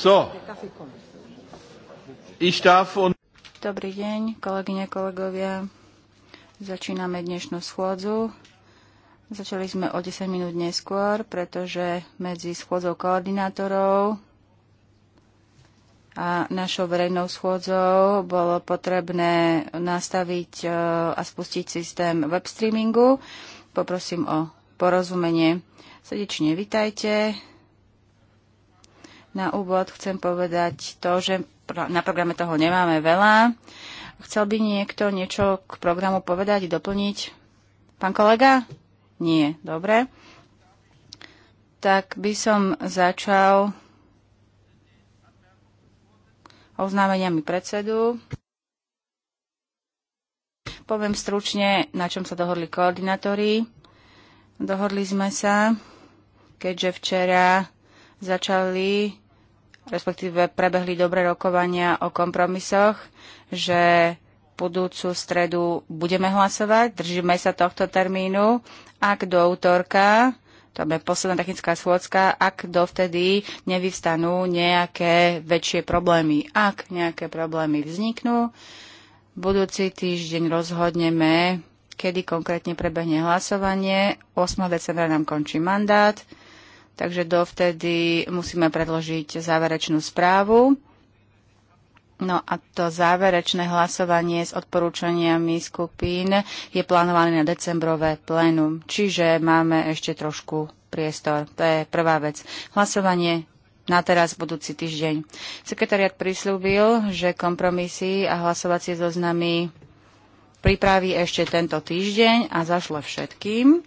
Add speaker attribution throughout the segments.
Speaker 1: So.
Speaker 2: Dobrý deň, kolegyne, kolegovia. Začíname dnešnú schôdzu. Začali sme o 10 minút neskôr, pretože medzi schôdzou koordinátorov a našou verejnou schôdzou bolo potrebné nastaviť e, a spustiť systém web streamingu. Poprosím o porozumenie. Srdečne vitajte na úvod chcem povedať to, že na programe toho nemáme veľa. Chcel by niekto niečo k programu povedať, doplniť? Pán kolega? Nie, dobre. Tak by som začal oznámeniami predsedu. Poviem stručne, na čom sa dohodli koordinátori. Dohodli sme sa, keďže včera začali, respektíve prebehli dobré rokovania o kompromisoch, že budúcu stredu budeme hlasovať, držíme sa tohto termínu. Ak do útorka, to je posledná technická schôdzka, ak dovtedy nevyvstanú nejaké väčšie problémy. Ak nejaké problémy vzniknú, budúci týždeň rozhodneme, kedy konkrétne prebehne hlasovanie. 8. decembra nám končí mandát takže dovtedy musíme predložiť záverečnú správu. No a to záverečné hlasovanie s odporúčaniami skupín je plánované na decembrové plénum, čiže máme ešte trošku priestor. To je prvá vec. Hlasovanie na teraz budúci týždeň. Sekretariat prislúbil, že kompromisy a hlasovacie zoznamy pripraví ešte tento týždeň a zašle všetkým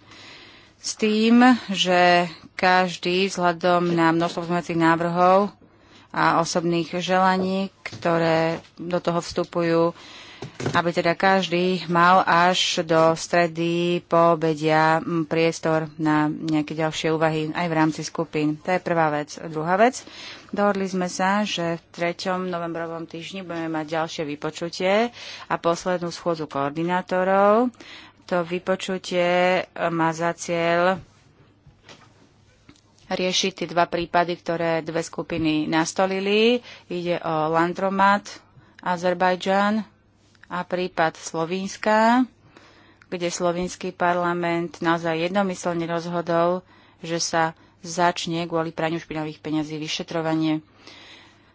Speaker 2: s tým, že každý vzhľadom na množstvo pozmeňovacích návrhov a osobných želaní, ktoré do toho vstupujú, aby teda každý mal až do stredy po obedia priestor na nejaké ďalšie úvahy aj v rámci skupín. To je prvá vec. Druhá vec, dohodli sme sa, že v 3. novembrovom týždni budeme mať ďalšie vypočutie a poslednú schôdzu koordinátorov. To vypočutie má za cieľ riešiť tie dva prípady, ktoré dve skupiny nastolili. Ide o Landromat, Azerbajdžan a prípad Slovinska, kde slovinský parlament naozaj jednomyselne rozhodol, že sa začne kvôli praniu špinavých peňazí vyšetrovanie.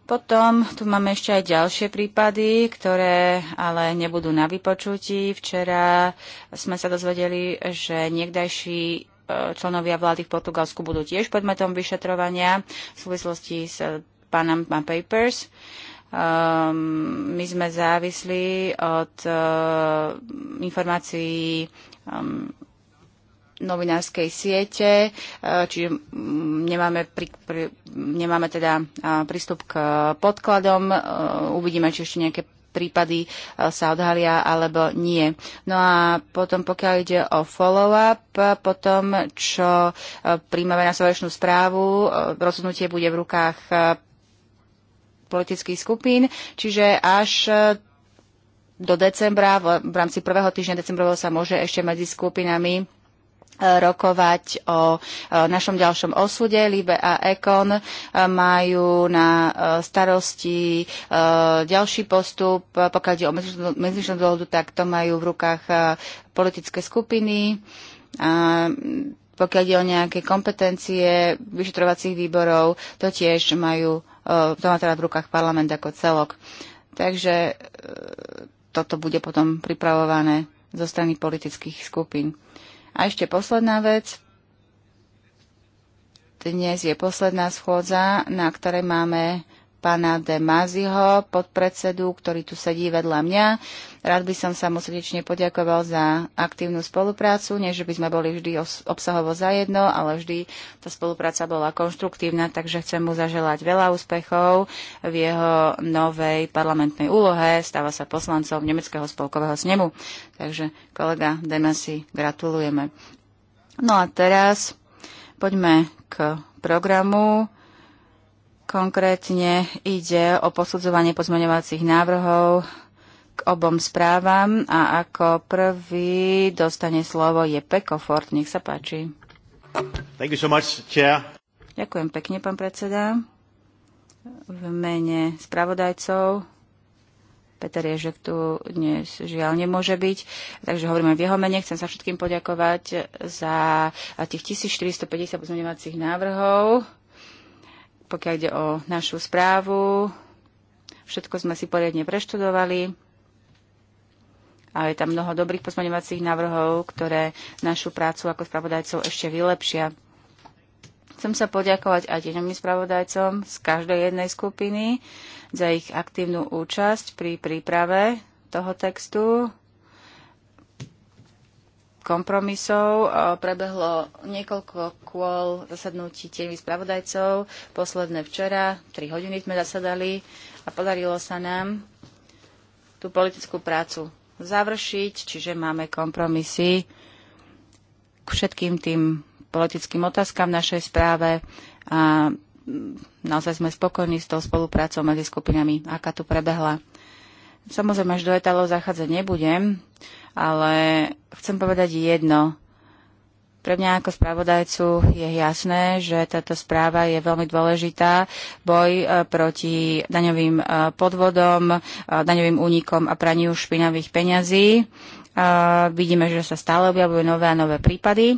Speaker 2: Potom tu máme ešte aj ďalšie prípady, ktoré ale nebudú na vypočutí. Včera sme sa dozvedeli, že niekdajší E, členovia vlády v Portugalsku budú tiež predmetom vyšetrovania v súvislosti s Panama Papers. Um, my sme závisli od uh, informácií um, novinárskej siete, e, čiže mm, nemáme, pri, pri, nemáme teda prístup k podkladom. uvidíme, či ešte nejaké prípady e, sa odhalia alebo nie. No a potom, pokiaľ ide o follow-up, potom, čo e, príjmame na záverečnú správu, e, rozhodnutie bude v rukách politických skupín, čiže až do decembra, v rámci prvého týždňa decembrového sa môže ešte medzi skupinami rokovať o e, našom ďalšom osude. Libe a Ekon e, majú na e, starosti ďalší postup. Pokiaľ ide o medzičnú dohodu, tak to majú v rukách politické skupiny. A pokiaľ ide o nejaké kompetencie vyšetrovacích výborov, to tiež majú, to má teda v rukách parlament ako celok. Takže toto bude potom pripravované zo strany politických skupín. A ešte posledná vec. Dnes je posledná schôdza, na ktorej máme pána De Maziho, podpredsedu, ktorý tu sedí vedľa mňa. Rád by som sa mu srdečne poďakoval za aktívnu spoluprácu, než by sme boli vždy obsahovo zajedno, ale vždy tá spolupráca bola konštruktívna, takže chcem mu zaželať veľa úspechov v jeho novej parlamentnej úlohe. Stáva sa poslancom Nemeckého spolkového snemu. Takže kolega Demasi, gratulujeme. No a teraz poďme k programu. Konkrétne ide o posudzovanie pozmeňovacích návrhov k obom správam a ako prvý dostane slovo je Ford. Nech sa páči.
Speaker 1: Thank you so much, chair.
Speaker 2: Ďakujem pekne, pán predseda. V mene spravodajcov Peter Ježek tu dnes žiaľ nemôže byť, takže hovoríme v jeho mene. Chcem sa všetkým poďakovať za tých 1450 pozmeňovacích návrhov, pokiaľ ide o našu správu. Všetko sme si poriadne preštudovali a je tam mnoho dobrých pozmeňovacích návrhov, ktoré našu prácu ako spravodajcov ešte vylepšia. Chcem sa poďakovať aj deňovým spravodajcom z každej jednej skupiny za ich aktívnu účasť pri príprave toho textu kompromisov. E, prebehlo niekoľko kôl zasadnutí tieňmi spravodajcov. Posledné včera, 3 hodiny sme zasadali a podarilo sa nám tú politickú prácu završiť, čiže máme kompromisy k všetkým tým politickým otázkam v našej správe a naozaj sme spokojní s tou spoluprácou medzi skupinami, aká tu prebehla. Samozrejme, až do etalov zachádzať nebudem, ale chcem povedať jedno. Pre mňa ako spravodajcu je jasné, že táto správa je veľmi dôležitá. Boj e, proti daňovým e, podvodom, e, daňovým únikom a praniu špinavých peňazí. Vidíme, že sa stále objavujú nové a nové prípady.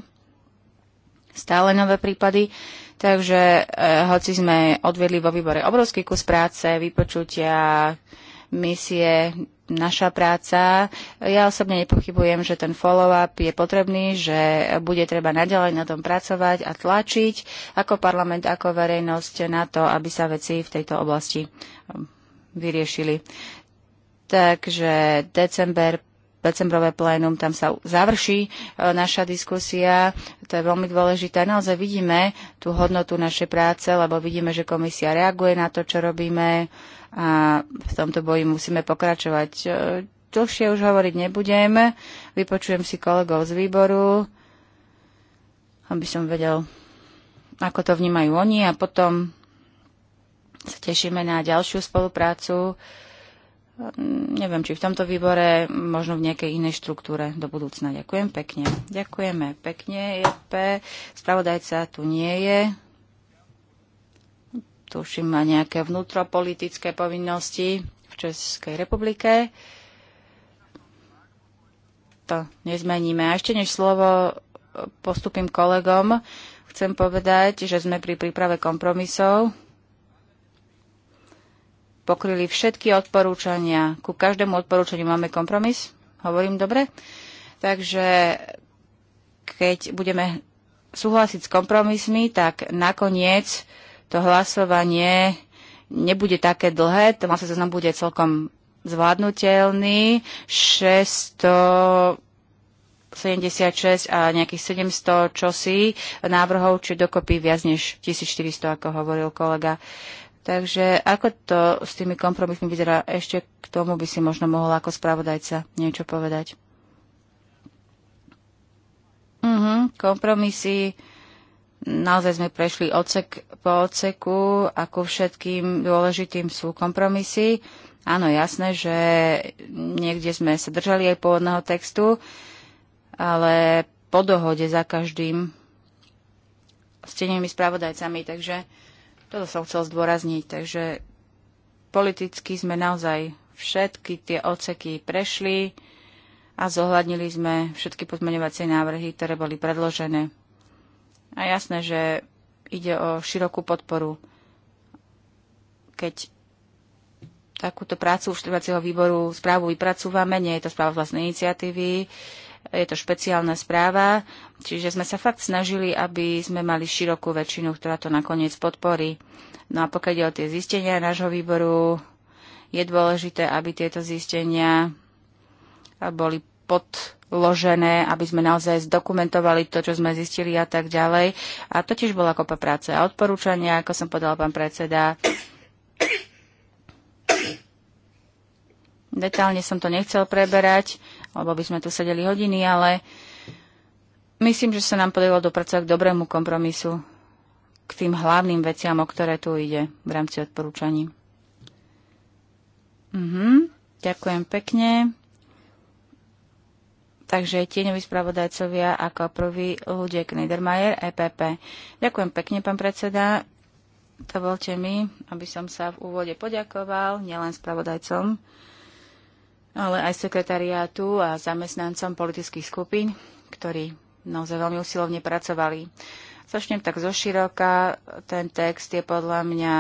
Speaker 2: Stále nové prípady. Takže hoci sme odvedli vo výbore obrovský kus práce, vypočutia, misie, naša práca. Ja osobne nepochybujem, že ten follow-up je potrebný, že bude treba naďalej na tom pracovať a tlačiť ako parlament, ako verejnosť na to, aby sa veci v tejto oblasti um, vyriešili. Takže december decembrové plénum, tam sa završí uh, naša diskusia. To je veľmi dôležité. Naozaj vidíme tú hodnotu našej práce, lebo vidíme, že komisia reaguje na to, čo robíme a v tomto boji musíme pokračovať. E, dlhšie už hovoriť nebudem, vypočujem si kolegov z výboru, aby som vedel, ako to vnímajú oni a potom sa tešíme na ďalšiu spoluprácu. E, neviem, či v tomto výbore, možno v nejakej inej štruktúre do budúcna. Ďakujem pekne. Ďakujeme pekne, JP. Spravodajca tu nie je tuším, má nejaké vnútropolitické povinnosti v Českej republike. To nezmeníme. A ešte než slovo postupím kolegom, chcem povedať, že sme pri príprave kompromisov pokryli všetky odporúčania. Ku každému odporúčaniu máme kompromis. Hovorím dobre? Takže keď budeme súhlasiť s kompromismi, tak nakoniec uh, to hlasovanie nebude také dlhé, to vlastne zoznam bude celkom zvládnutelný. 600 76 a nejakých 700 čosí návrhov, či dokopy viac než 1400, ako hovoril kolega. Takže ako to s tými kompromismi vyzerá? Ešte k tomu by si možno mohol ako spravodajca niečo povedať. Uh-huh, kompromisy Naozaj sme prešli odsek po odseku a ku všetkým dôležitým sú kompromisy. Áno, jasné, že niekde sme sa držali aj pôvodného textu, ale po dohode za každým s tenými spravodajcami, takže toto som chcel zdôrazniť. Takže politicky sme naozaj všetky tie odseky prešli a zohľadnili sme všetky pozmeňovacie návrhy, ktoré boli predložené. A jasné, že ide o širokú podporu. Keď takúto prácu uštrbacieho výboru správu vypracúvame, nie je to správa vlastnej iniciatívy, je to špeciálna správa, čiže sme sa fakt snažili, aby sme mali širokú väčšinu, ktorá to nakoniec podporí. No a pokiaľ ide o tie zistenia nášho výboru, je dôležité, aby tieto zistenia boli pod vložené, aby sme naozaj zdokumentovali to, čo sme zistili a tak ďalej. A to tiež bola kopa práce a odporúčania, ako som podal pán predseda. Detálne som to nechcel preberať, lebo by sme tu sedeli hodiny, ale myslím, že sa nám podarilo dopracovať k dobrému kompromisu, k tým hlavným veciam, o ktoré tu ide v rámci odporúčaní. Mhm, ďakujem pekne. Takže tieňoví spravodajcovia ako prvý ľudia Niedermayer, EPP. Ďakujem pekne, pán predseda. Dovolte mi, aby som sa v úvode poďakoval nielen spravodajcom, ale aj sekretariátu a zamestnancom politických skupín, ktorí naozaj veľmi usilovne pracovali. Začnem tak zoširoka. Ten text je podľa mňa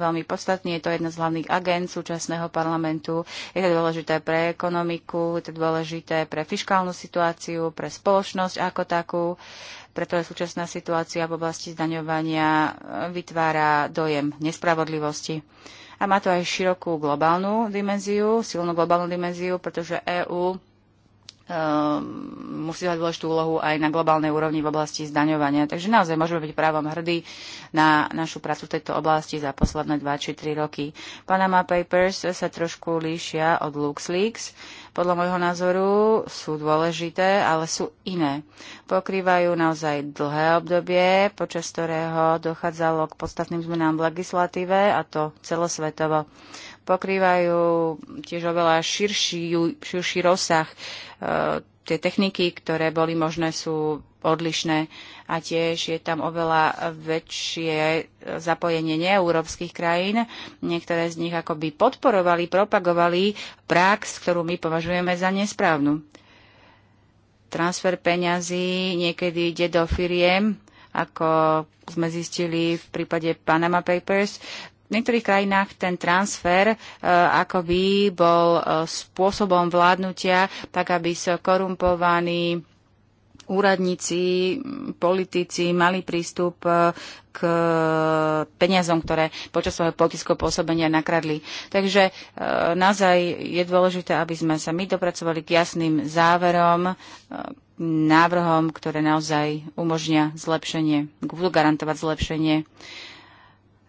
Speaker 2: veľmi podstatný. Je to jedna z hlavných agent súčasného parlamentu. Je to dôležité pre ekonomiku, je to dôležité pre fiskálnu situáciu, pre spoločnosť ako takú. Preto súčasná situácia v oblasti zdaňovania e, vytvára dojem nespravodlivosti. A má to aj širokú globálnu dimenziu, silnú globálnu dimenziu, pretože EÚ Ehm, musí dať dôležitú úlohu aj na globálnej úrovni v oblasti zdaňovania. Takže naozaj môžeme byť právom hrdí na našu prácu v tejto oblasti za posledné 2 či 3 roky. Panama Papers sa trošku líšia od LuxLeaks. Podľa môjho názoru sú dôležité, ale sú iné. Pokrývajú naozaj dlhé obdobie, počas ktorého dochádzalo k podstatným zmenám v legislatíve, a to celosvetovo pokrývajú tiež oveľa širší, širší rozsah. E, tie techniky, ktoré boli možné, sú odlišné a tiež je tam oveľa väčšie zapojenie neeurópskych krajín. Niektoré z nich akoby podporovali, propagovali prax, ktorú my považujeme za nesprávnu. Transfer peňazí niekedy ide do firiem, ako sme zistili v prípade Panama Papers, v niektorých krajinách ten transfer e, akoby bol e, spôsobom vládnutia, tak aby sa korumpovaní úradníci, politici mali prístup e, k peniazom, ktoré počas svojho politického pôsobenia nakradli. Takže e, naozaj je dôležité, aby sme sa my dopracovali k jasným záverom, e, návrhom, ktoré naozaj umožňa zlepšenie, budú garantovať zlepšenie. E,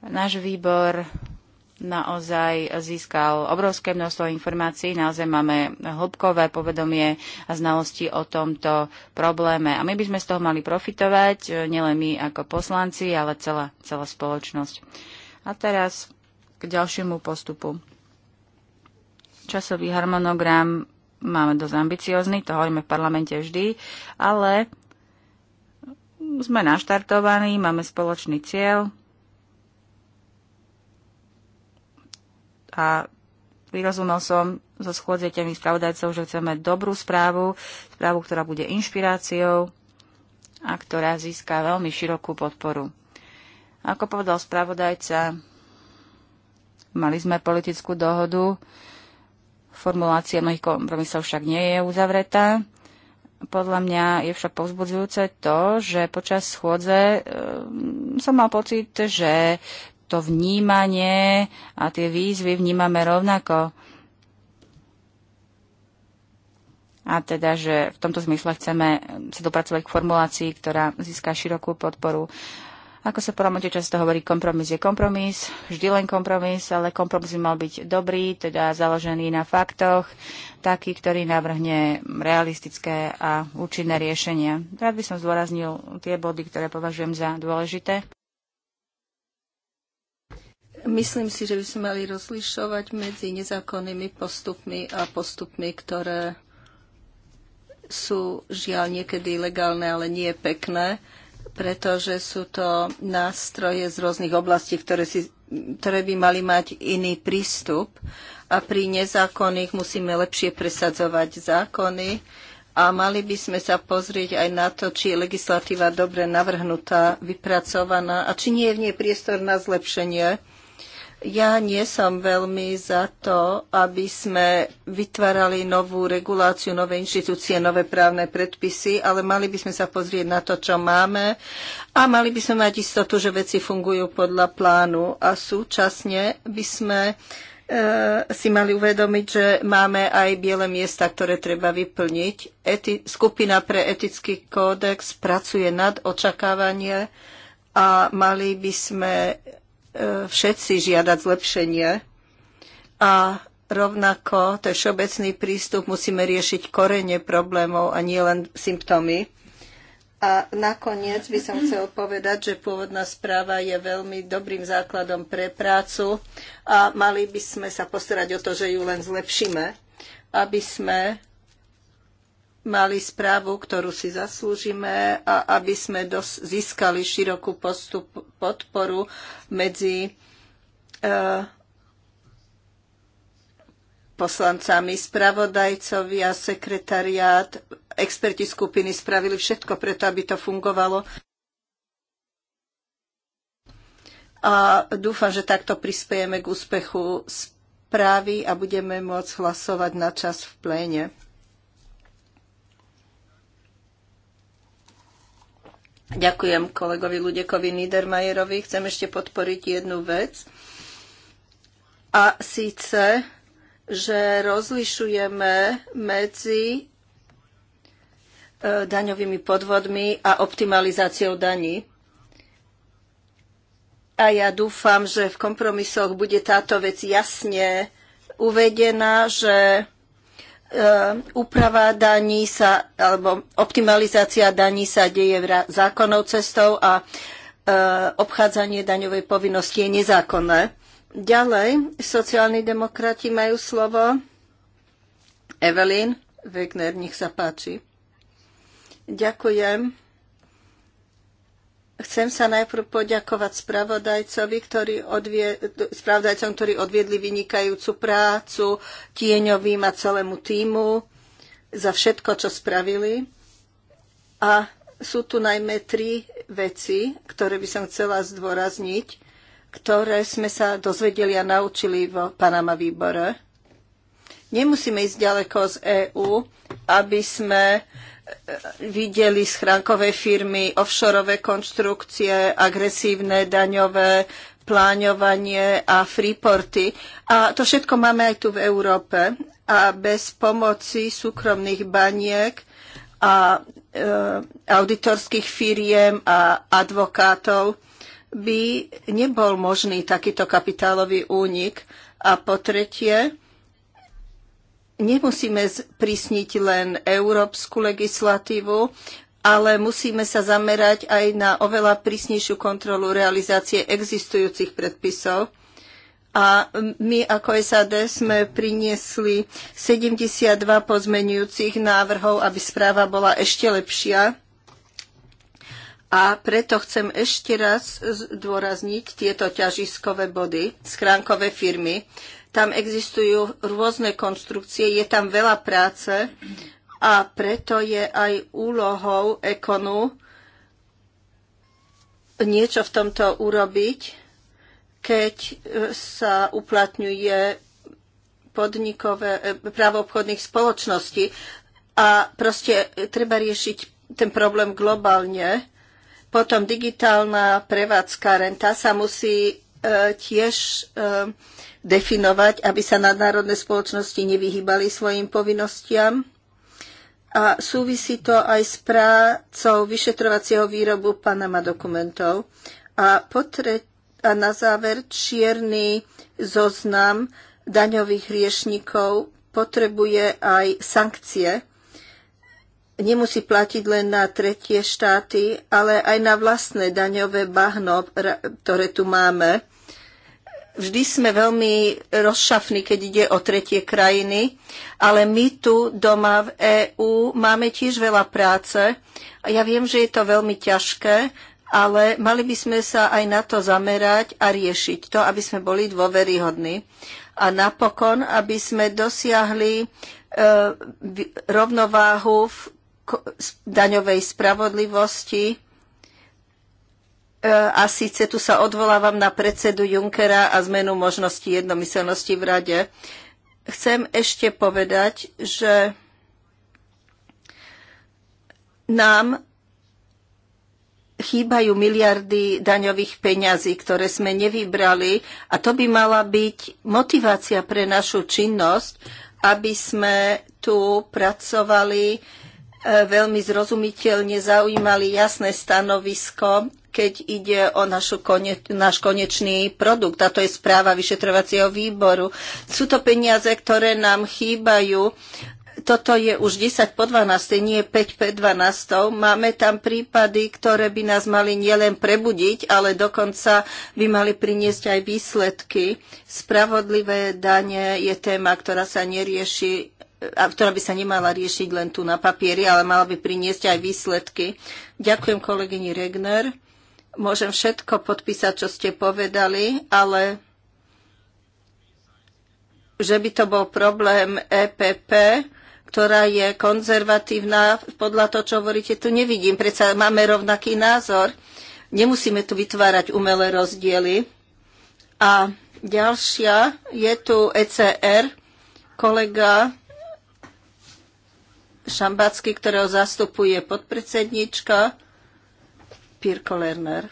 Speaker 2: Náš výbor naozaj získal obrovské množstvo informácií. Naozaj máme hĺbkové povedomie a znalosti o tomto probléme. A my by sme z toho mali profitovať, e, nielen my ako poslanci, ale celá, celá spoločnosť. A teraz k ďalšiemu postupu. Časový harmonogram máme dosť ambiciózny, to hovoríme v parlamente vždy, ale sme naštartovaní, máme spoločný cieľ, a vyrozumel som so schôdzetemi spravodajcov, že chceme dobrú správu, správu, ktorá bude inšpiráciou a ktorá získa veľmi širokú podporu. Ako povedal spravodajca, mali sme politickú dohodu, formulácia mnohých kompromisov však nie je uzavretá. Podľa mňa je však povzbudzujúce to, že počas schôdze e, som mal pocit, že to vnímanie a tie výzvy vnímame rovnako. A teda, že v tomto zmysle chceme sa dopracovať k formulácii, ktorá získa širokú podporu. Ako sa podľa často hovorí, kompromis je kompromis, vždy len kompromis, ale kompromis by mal byť dobrý, teda založený na faktoch, taký, ktorý navrhne realistické a účinné riešenia. Rád by som zdôraznil tie body, ktoré považujem za dôležité.
Speaker 1: Myslím si, že by sme mali rozlišovať medzi nezákonnými postupmi a postupmi, ktoré sú žiaľ niekedy legálne, ale nie pekné, pretože sú to nástroje z rôznych oblastí, ktoré, si, ktoré by mali mať iný prístup a pri nezákonných musíme lepšie presadzovať zákony a mali by sme sa pozrieť aj na to, či je legislatíva dobre navrhnutá, vypracovaná a či nie je v nej priestor na zlepšenie ja nie som veľmi za to, aby sme vytvárali novú reguláciu, nové inštitúcie, nové právne predpisy, ale mali by sme sa pozrieť na to, čo máme a mali by sme mať istotu, že veci fungujú podľa plánu a súčasne by sme e, si mali uvedomiť, že máme aj biele miesta, ktoré treba vyplniť. Eti- skupina pre etický kódex pracuje nad očakávanie a mali by sme všetci žiadať zlepšenie a rovnako, ten všeobecný prístup, musíme riešiť korene problémov a nie len symptómy. A nakoniec by som chcel povedať, že pôvodná správa je veľmi dobrým základom pre prácu a mali by sme sa postarať o to, že ju len zlepšíme, aby sme mali správu, ktorú si zaslúžime a aby sme získali širokú postup, podporu medzi e, poslancami, spravodajcovia, sekretariát, experti skupiny spravili všetko preto, aby to fungovalo. A dúfam, že takto prispiejeme k úspechu správy a budeme môcť hlasovať na čas v pléne. Ďakujem kolegovi Ludekovi Niedermayerovi. Chcem ešte podporiť jednu vec. A síce, že rozlišujeme medzi e, daňovými podvodmi a optimalizáciou daní. A ja dúfam, že v kompromisoch bude táto vec jasne uvedená, že E, úprava daní sa, alebo optimalizácia daní sa deje zákonnou cestou a e, obchádzanie daňovej povinnosti je nezákonné. Ďalej, sociálni demokrati majú slovo. Evelyn Wegner, nech sa páči. Ďakujem. Chcem sa najprv poďakovať spravodajcovi, ktorý odvie, spravodajcom, ktorí odviedli vynikajúcu prácu, tieňovým a celému týmu za všetko, čo spravili. A sú tu najmä tri veci, ktoré by som chcela zdôrazniť, ktoré sme sa dozvedeli a naučili v Panama výbore. Nemusíme ísť ďaleko z EÚ, aby sme videli schránkové firmy, offshore konštrukcie, agresívne daňové pláňovanie a freeporty. A to všetko máme aj tu v Európe. A bez pomoci súkromných baniek a e, auditorských firiem a advokátov by nebol možný takýto kapitálový únik. A po tretie, nemusíme prísniť len európsku legislatívu, ale musíme sa zamerať aj na oveľa prísnejšiu kontrolu realizácie existujúcich predpisov. A my ako SAD sme priniesli 72 pozmenujúcich návrhov, aby správa bola ešte lepšia. A preto chcem ešte raz zdôrazniť tieto ťažiskové body, schránkové firmy. Tam existujú rôzne konstrukcie, je tam veľa práce a preto je aj úlohou ekonu niečo v tomto urobiť, keď e, sa uplatňuje podnikové, e, právo obchodných spoločností. A proste e, treba riešiť ten problém globálne. Potom digitálna prevádzka renta sa musí tiež definovať, aby sa nadnárodné spoločnosti nevyhýbali svojim povinnostiam. A súvisí to aj s prácou vyšetrovacieho výrobu Panama dokumentov. A, potre- a na záver čierny zoznam daňových riešnikov potrebuje aj sankcie. Nemusí platiť len na tretie štáty, ale aj na vlastné daňové bahno, ktoré tu máme. Vždy sme veľmi rozšafní, keď ide o tretie krajiny, ale my tu doma v EÚ máme tiež veľa práce. A ja viem, že je to veľmi ťažké, ale mali by sme sa aj na to zamerať a riešiť to, aby sme boli dôveryhodní. A napokon, aby sme dosiahli e, rovnováhu v daňovej spravodlivosti E, a síce tu sa odvolávam na predsedu Junckera a zmenu možnosti jednomyselnosti v rade. Chcem ešte povedať, že nám chýbajú miliardy daňových peňazí, ktoré sme nevybrali a to by mala byť motivácia pre našu činnosť, aby sme tu pracovali e, veľmi zrozumiteľne, zaujímali jasné stanovisko keď ide o našu kone, náš konečný produkt, a to je správa vyšetrovacieho výboru. Sú to peniaze, ktoré nám chýbajú. Toto je už 10 po 12, nie 5 po 12. Máme tam prípady, ktoré by nás mali nielen prebudiť, ale dokonca by mali priniesť aj výsledky. Spravodlivé dane je téma, ktorá sa nerieši a ktorá by sa nemala riešiť len tu na papieri, ale mala by priniesť aj výsledky. Ďakujem kolegyni Regner. Môžem všetko podpísať, čo ste povedali, ale že by to bol problém EPP, ktorá je konzervatívna, podľa toho, čo hovoríte, tu nevidím. Predsa máme rovnaký názor. Nemusíme tu vytvárať umelé rozdiely. A ďalšia je tu ECR, kolega Šambacký, ktorého zastupuje podpredsednička. Pirko Lerner.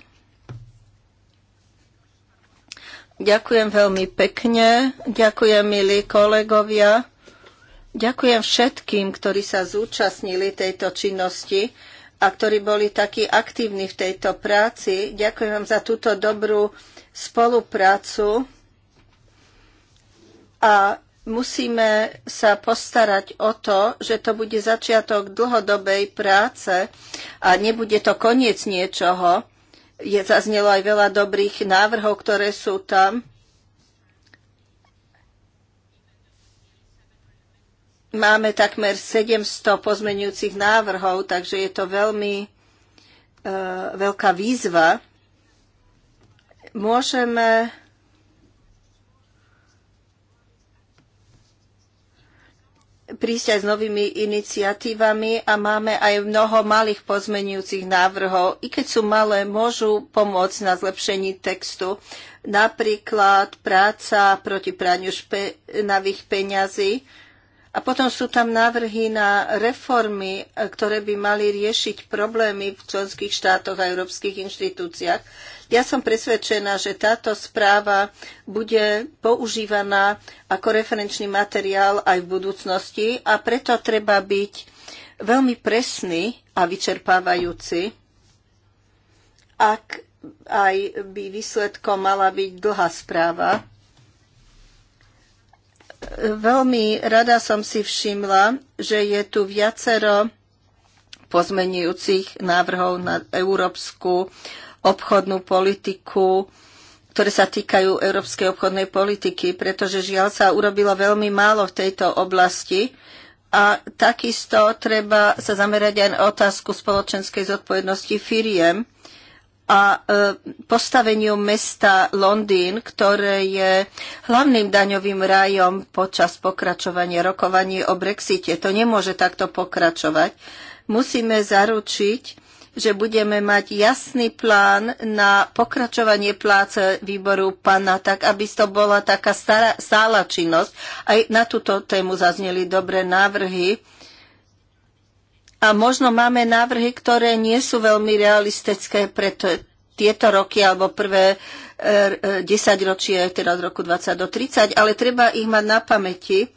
Speaker 1: Ďakujem veľmi pekne. Ďakujem, milí kolegovia. Ďakujem všetkým, ktorí sa zúčastnili tejto činnosti a ktorí boli takí aktívni v tejto práci. Ďakujem vám za túto dobrú spoluprácu a musíme sa postarať o to, že to bude začiatok dlhodobej práce a nebude to koniec niečoho. Je, zaznelo aj veľa dobrých návrhov, ktoré sú tam. Máme takmer 700 pozmenujúcich návrhov, takže je to veľmi e, veľká výzva. Môžeme prísť aj s novými iniciatívami a máme aj mnoho malých pozmenujúcich návrhov. I keď sú malé, môžu pomôcť na zlepšení textu. Napríklad práca proti praniu špenavých peňazí. A potom sú tam návrhy na reformy, ktoré by mali riešiť problémy v členských štátoch a európskych inštitúciách. Ja som presvedčená, že táto správa bude používaná ako referenčný materiál aj v budúcnosti a preto treba byť veľmi presný a vyčerpávajúci, ak aj by výsledkom mala byť dlhá správa. Veľmi rada som si všimla, že je tu viacero pozmenujúcich návrhov na európsku obchodnú politiku, ktoré sa týkajú európskej obchodnej politiky, pretože žiaľ sa urobilo veľmi málo v tejto oblasti. A takisto treba sa zamerať aj na otázku spoločenskej zodpovednosti firiem a e, postaveniu mesta Londýn, ktoré je hlavným daňovým rájom počas pokračovania rokovaní o Brexite. To nemôže takto pokračovať. Musíme zaručiť, že budeme mať jasný plán na pokračovanie pláce výboru pana, tak aby to bola taká stará, stála činnosť. Aj na túto tému zazneli dobré návrhy. A možno máme návrhy, ktoré nie sú veľmi realistické pre tieto roky alebo prvé e, e, 10 ročie, teda od roku 20 do 30, ale treba ich mať na pamäti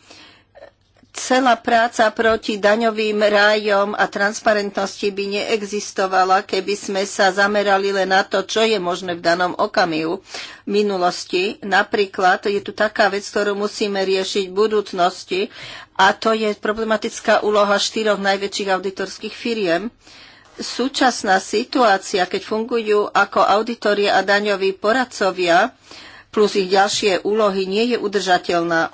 Speaker 1: celá práca proti daňovým rájom a transparentnosti by neexistovala, keby sme sa zamerali len na to, čo je možné v danom okamihu v minulosti. Napríklad je tu taká vec, ktorú musíme riešiť v budúcnosti a to je problematická úloha štyroch najväčších auditorských firiem. Súčasná situácia, keď fungujú ako auditorie a daňoví poradcovia, plus ich ďalšie úlohy, nie je udržateľná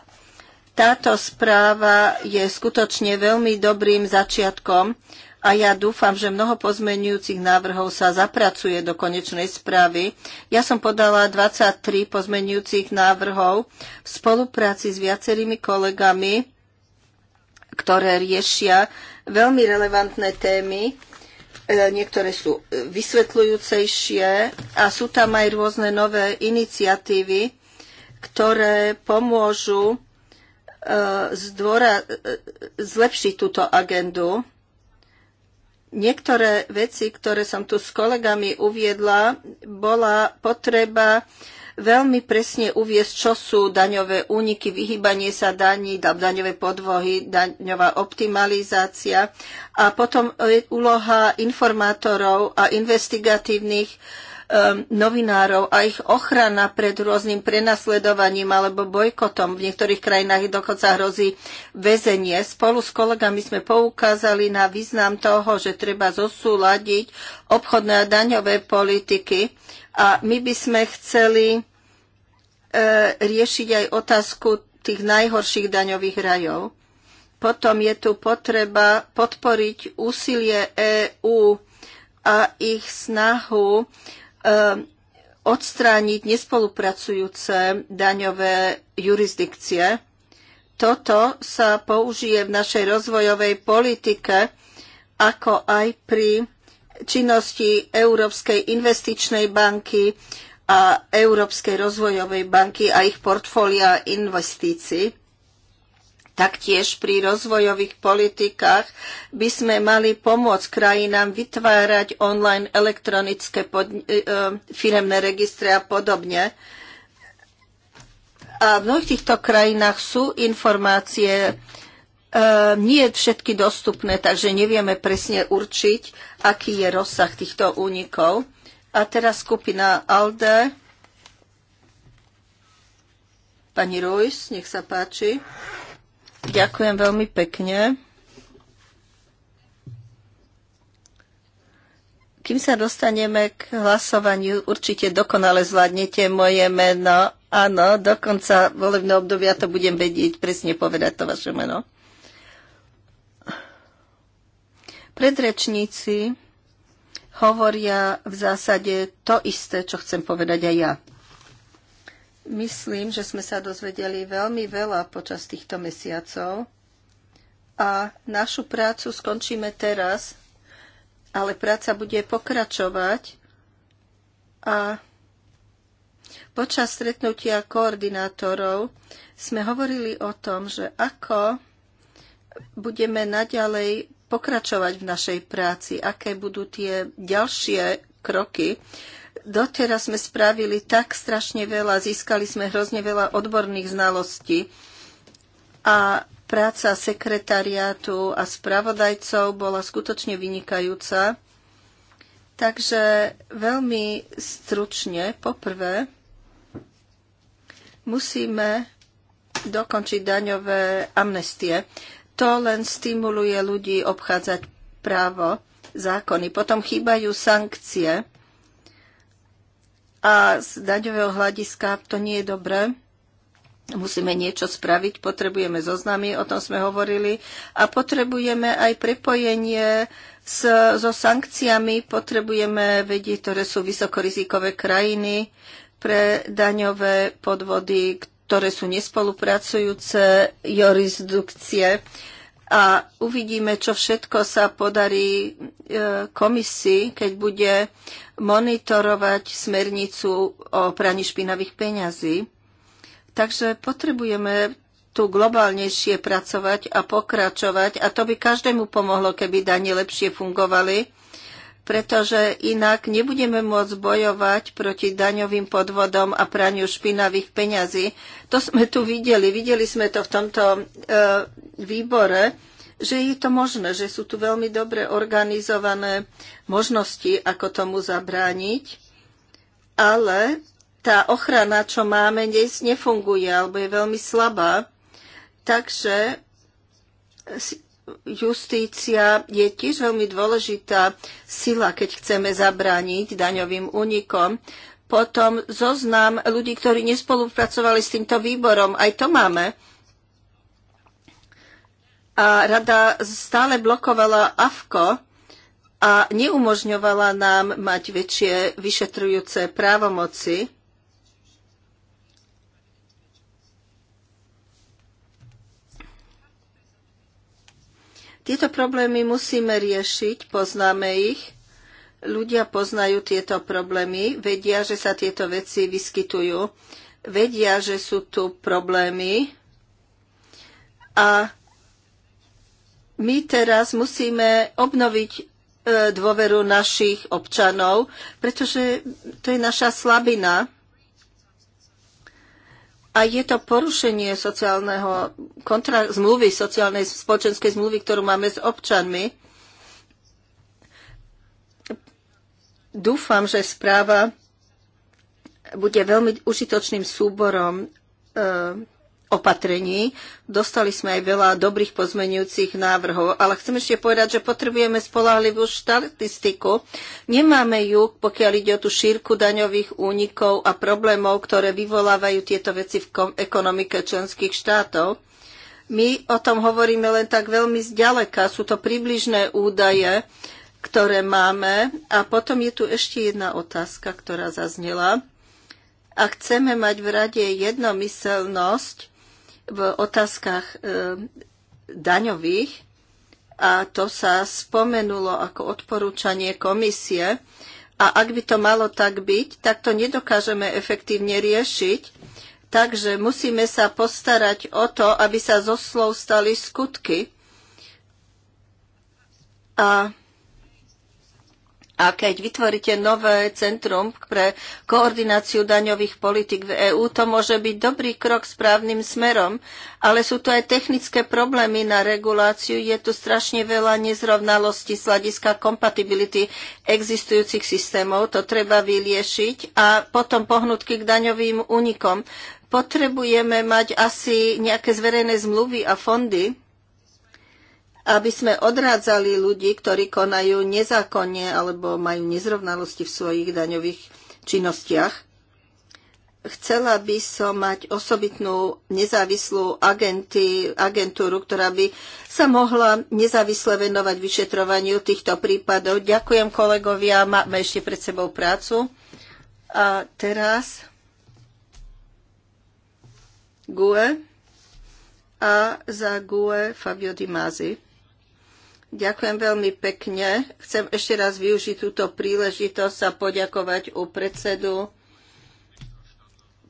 Speaker 1: táto správa je skutočne veľmi dobrým začiatkom a ja dúfam, že mnoho pozmenujúcich návrhov sa zapracuje do konečnej správy. Ja som podala 23 pozmenujúcich návrhov v spolupráci s viacerými kolegami, ktoré riešia veľmi relevantné témy. E, niektoré sú vysvetľujúcejšie a sú tam aj rôzne nové iniciatívy, ktoré pomôžu E, zdôra, e, zlepšiť túto agendu. Niektoré veci, ktoré som tu s kolegami uviedla, bola potreba veľmi presne uviesť, čo sú daňové úniky, vyhýbanie sa daní, daňové podvohy, daňová optimalizácia a potom úloha informátorov a investigatívnych uh, Um, novinárov a ich ochrana pred rôznym prenasledovaním alebo bojkotom. V niektorých krajinách dokonca hrozí väzenie. Spolu s kolegami sme poukázali na význam toho, že treba zosúľadiť obchodné a daňové politiky a my by sme chceli e, riešiť aj otázku tých najhorších daňových rajov. Potom je tu potreba podporiť úsilie EÚ a ich snahu Eh, odstrániť nespolupracujúce daňové jurisdikcie. Toto sa použije v našej rozvojovej politike, ako aj pri činnosti Európskej investičnej banky a Európskej rozvojovej banky a ich portfólia investícií. Taktiež pri rozvojových politikách by sme mali pomôcť krajinám vytvárať online elektronické pod, e, e firemné registre a podobne. A v mnohých týchto krajinách sú informácie e, nie všetky dostupné, takže nevieme presne určiť, aký je rozsah týchto únikov. A teraz skupina ALDE. Pani Ruiz, nech sa páči. Ďakujem veľmi pekne. Kým sa dostaneme k hlasovaniu, určite dokonale zvládnete moje meno. Áno, do konca volebného obdobia to budem vedieť presne povedať to vaše meno. Predrečníci hovoria v zásade to isté, čo chcem povedať aj ja. Myslím, že sme sa dozvedeli veľmi veľa počas týchto mesiacov a našu prácu skončíme teraz, ale práca bude pokračovať a počas stretnutia koordinátorov sme hovorili o tom, že ako budeme naďalej pokračovať v našej práci, aké budú tie ďalšie kroky, doteraz sme spravili tak strašne veľa, získali sme hrozne veľa odborných znalostí a práca sekretariátu a spravodajcov bola skutočne vynikajúca. Takže veľmi stručne, poprvé, musíme dokončiť daňové amnestie. To len stimuluje ľudí obchádzať právo, zákony. Potom chýbajú sankcie a z daňového hľadiska to nie je dobré. Musíme niečo spraviť, potrebujeme zoznamy, o tom sme hovorili, a potrebujeme aj prepojenie s, so sankciami, potrebujeme vedieť, ktoré sú vysokorizikové krajiny pre daňové podvody, ktoré sú nespolupracujúce jurisdikcie a uvidíme, čo všetko sa podarí e, komisii, keď bude monitorovať smernicu o praní špinavých peňazí. Takže potrebujeme tu globálnejšie pracovať a pokračovať a to by každému pomohlo, keby dane lepšie fungovali pretože inak nebudeme môcť bojovať proti daňovým podvodom a praniu špinavých peňazí. To sme tu videli, videli sme to v tomto e, výbore, že je to možné, že sú tu veľmi dobre organizované možnosti, ako tomu zabrániť, ale tá ochrana, čo máme, dnes nefunguje alebo je veľmi slabá. Takže justícia je tiež veľmi dôležitá sila, keď chceme zabrániť daňovým únikom. Potom zoznam ľudí, ktorí nespolupracovali s týmto výborom, aj to máme. A rada stále blokovala AFKO a neumožňovala nám mať väčšie vyšetrujúce právomoci. Tieto problémy musíme riešiť, poznáme ich. Ľudia poznajú tieto problémy, vedia, že sa tieto veci vyskytujú, vedia, že sú tu problémy a my teraz musíme obnoviť e, dôveru našich občanov, pretože to je naša slabina. A je to porušenie sociálneho kontra, zmluvy, sociálnej spoločenskej zmluvy, ktorú máme s občanmi. Dúfam, že správa bude veľmi užitočným súborom e, opatrení. Dostali sme aj veľa dobrých pozmenujúcich návrhov, ale chcem ešte povedať, že potrebujeme spolahlivú štatistiku. Nemáme ju, pokiaľ ide o tú šírku daňových únikov a problémov, ktoré vyvolávajú tieto veci v ekonomike členských štátov. My o tom hovoríme len tak veľmi zďaleka. Sú to približné údaje, ktoré máme. A potom je tu ešte jedna otázka, ktorá zaznela. Ak chceme mať v rade jednomyselnosť, v otázkach e, daňových a to sa spomenulo ako odporúčanie komisie. A ak by to malo tak byť, tak to nedokážeme efektívne riešiť. Takže musíme sa postarať o to, aby sa zo slov stali skutky. A a keď vytvoríte nové centrum pre koordináciu daňových politik v EÚ, to môže byť dobrý krok správnym smerom, ale sú tu aj technické problémy na reguláciu. Je tu strašne veľa nezrovnalostí z hľadiska kompatibility existujúcich systémov. To treba vyliešiť a potom pohnutky k daňovým únikom. Potrebujeme mať asi nejaké zverejné zmluvy a fondy, aby sme odrádzali ľudí, ktorí konajú nezákonne alebo majú nezrovnalosti v svojich daňových činnostiach. Chcela by som mať osobitnú nezávislú agenty, agentúru, ktorá by sa mohla nezávisle venovať vyšetrovaniu týchto prípadov. Ďakujem kolegovia, máme ešte pred sebou prácu. A teraz GUE a za GUE Fabio Di Masi. Ďakujem veľmi pekne. Chcem ešte raz využiť túto príležitosť a poďakovať u predsedu,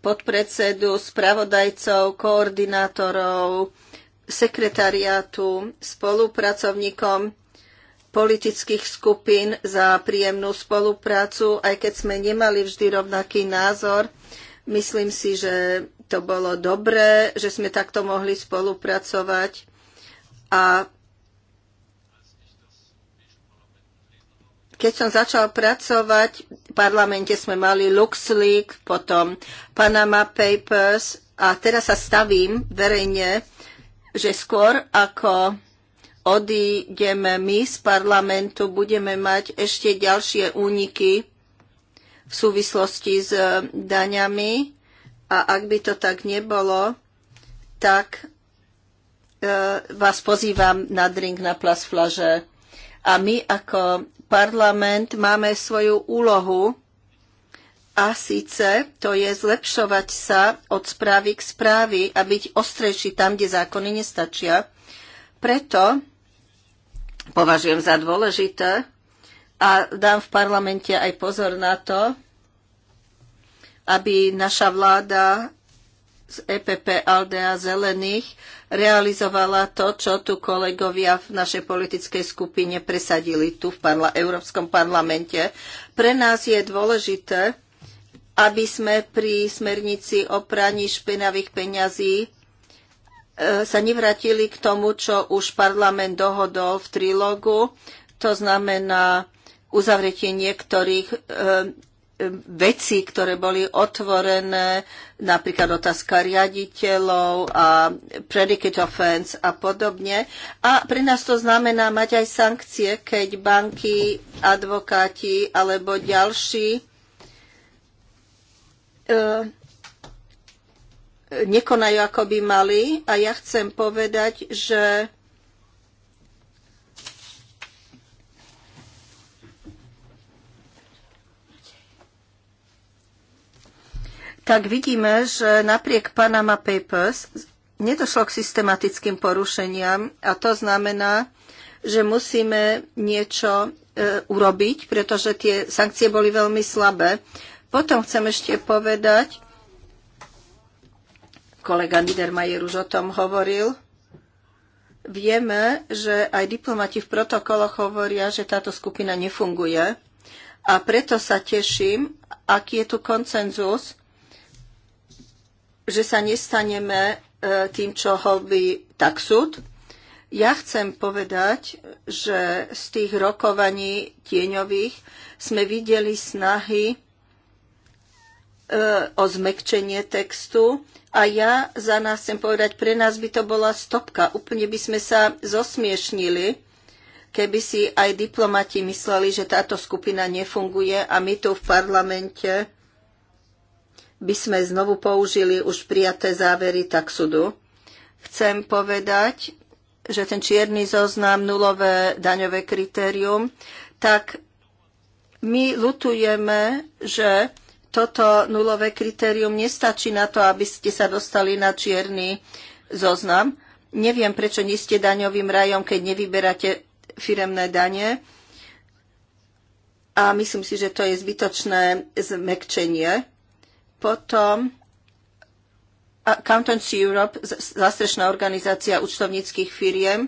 Speaker 1: podpredsedu, spravodajcov, koordinátorov, sekretariátu, spolupracovníkom politických skupín za príjemnú spoluprácu, aj keď sme nemali vždy rovnaký názor. Myslím si, že to bolo dobré, že sme takto mohli spolupracovať a Keď som začal pracovať, v parlamente sme mali LuxLeak, potom Panama Papers a teraz sa stavím verejne, že skôr ako odídeme my z parlamentu, budeme mať ešte ďalšie úniky v súvislosti s eh, daňami a ak by to tak nebolo, tak eh, vás pozývam na drink na Plasflaže. A my ako parlament máme svoju úlohu a síce to je zlepšovať sa od správy k správy a byť ostrejší tam, kde zákony nestačia. Preto považujem za dôležité a dám v parlamente aj pozor na to, aby naša vláda z EPP, ALDE a Zelených realizovala to, čo tu kolegovia v našej politickej skupine presadili tu v parla- Európskom parlamente. Pre nás je dôležité, aby sme pri smernici o praní špinavých peňazí e, sa nevrátili k tomu, čo už parlament dohodol v trilógu, to znamená uzavretie niektorých e, veci, ktoré boli otvorené, napríklad otázka riaditeľov a predicate offense a podobne. A pre nás to znamená mať aj sankcie, keď banky, advokáti alebo ďalší e, nekonajú, ako by mali. A ja chcem povedať, že tak vidíme, že napriek Panama Papers nedošlo k systematickým porušeniam a to znamená, že musíme niečo e, urobiť, pretože tie sankcie boli veľmi slabé. Potom chcem ešte povedať, kolega Niedermayer už o tom hovoril, vieme, že aj diplomati v protokoloch hovoria, že táto skupina nefunguje a preto sa teším, aký je tu koncenzus že sa nestaneme e, tým, čo hovorí súd. Ja chcem povedať, že z tých rokovaní tieňových sme videli snahy e, o zmekčenie textu a ja za nás chcem povedať, pre nás by to bola stopka. Úplne by sme sa zosmiešnili, keby si aj diplomati mysleli, že táto skupina nefunguje a my tu v parlamente by sme znovu použili už prijaté závery tak súdu. Chcem povedať, že ten čierny zoznam, nulové daňové kritérium, tak my lutujeme, že toto nulové kritérium nestačí na to, aby ste sa dostali na čierny zoznam. Neviem, prečo nie ste daňovým rajom, keď nevyberáte firemné dane. A myslím si, že to je zbytočné zmekčenie. Potom Accountants Europe, zastrešná organizácia účtovníckých firiem,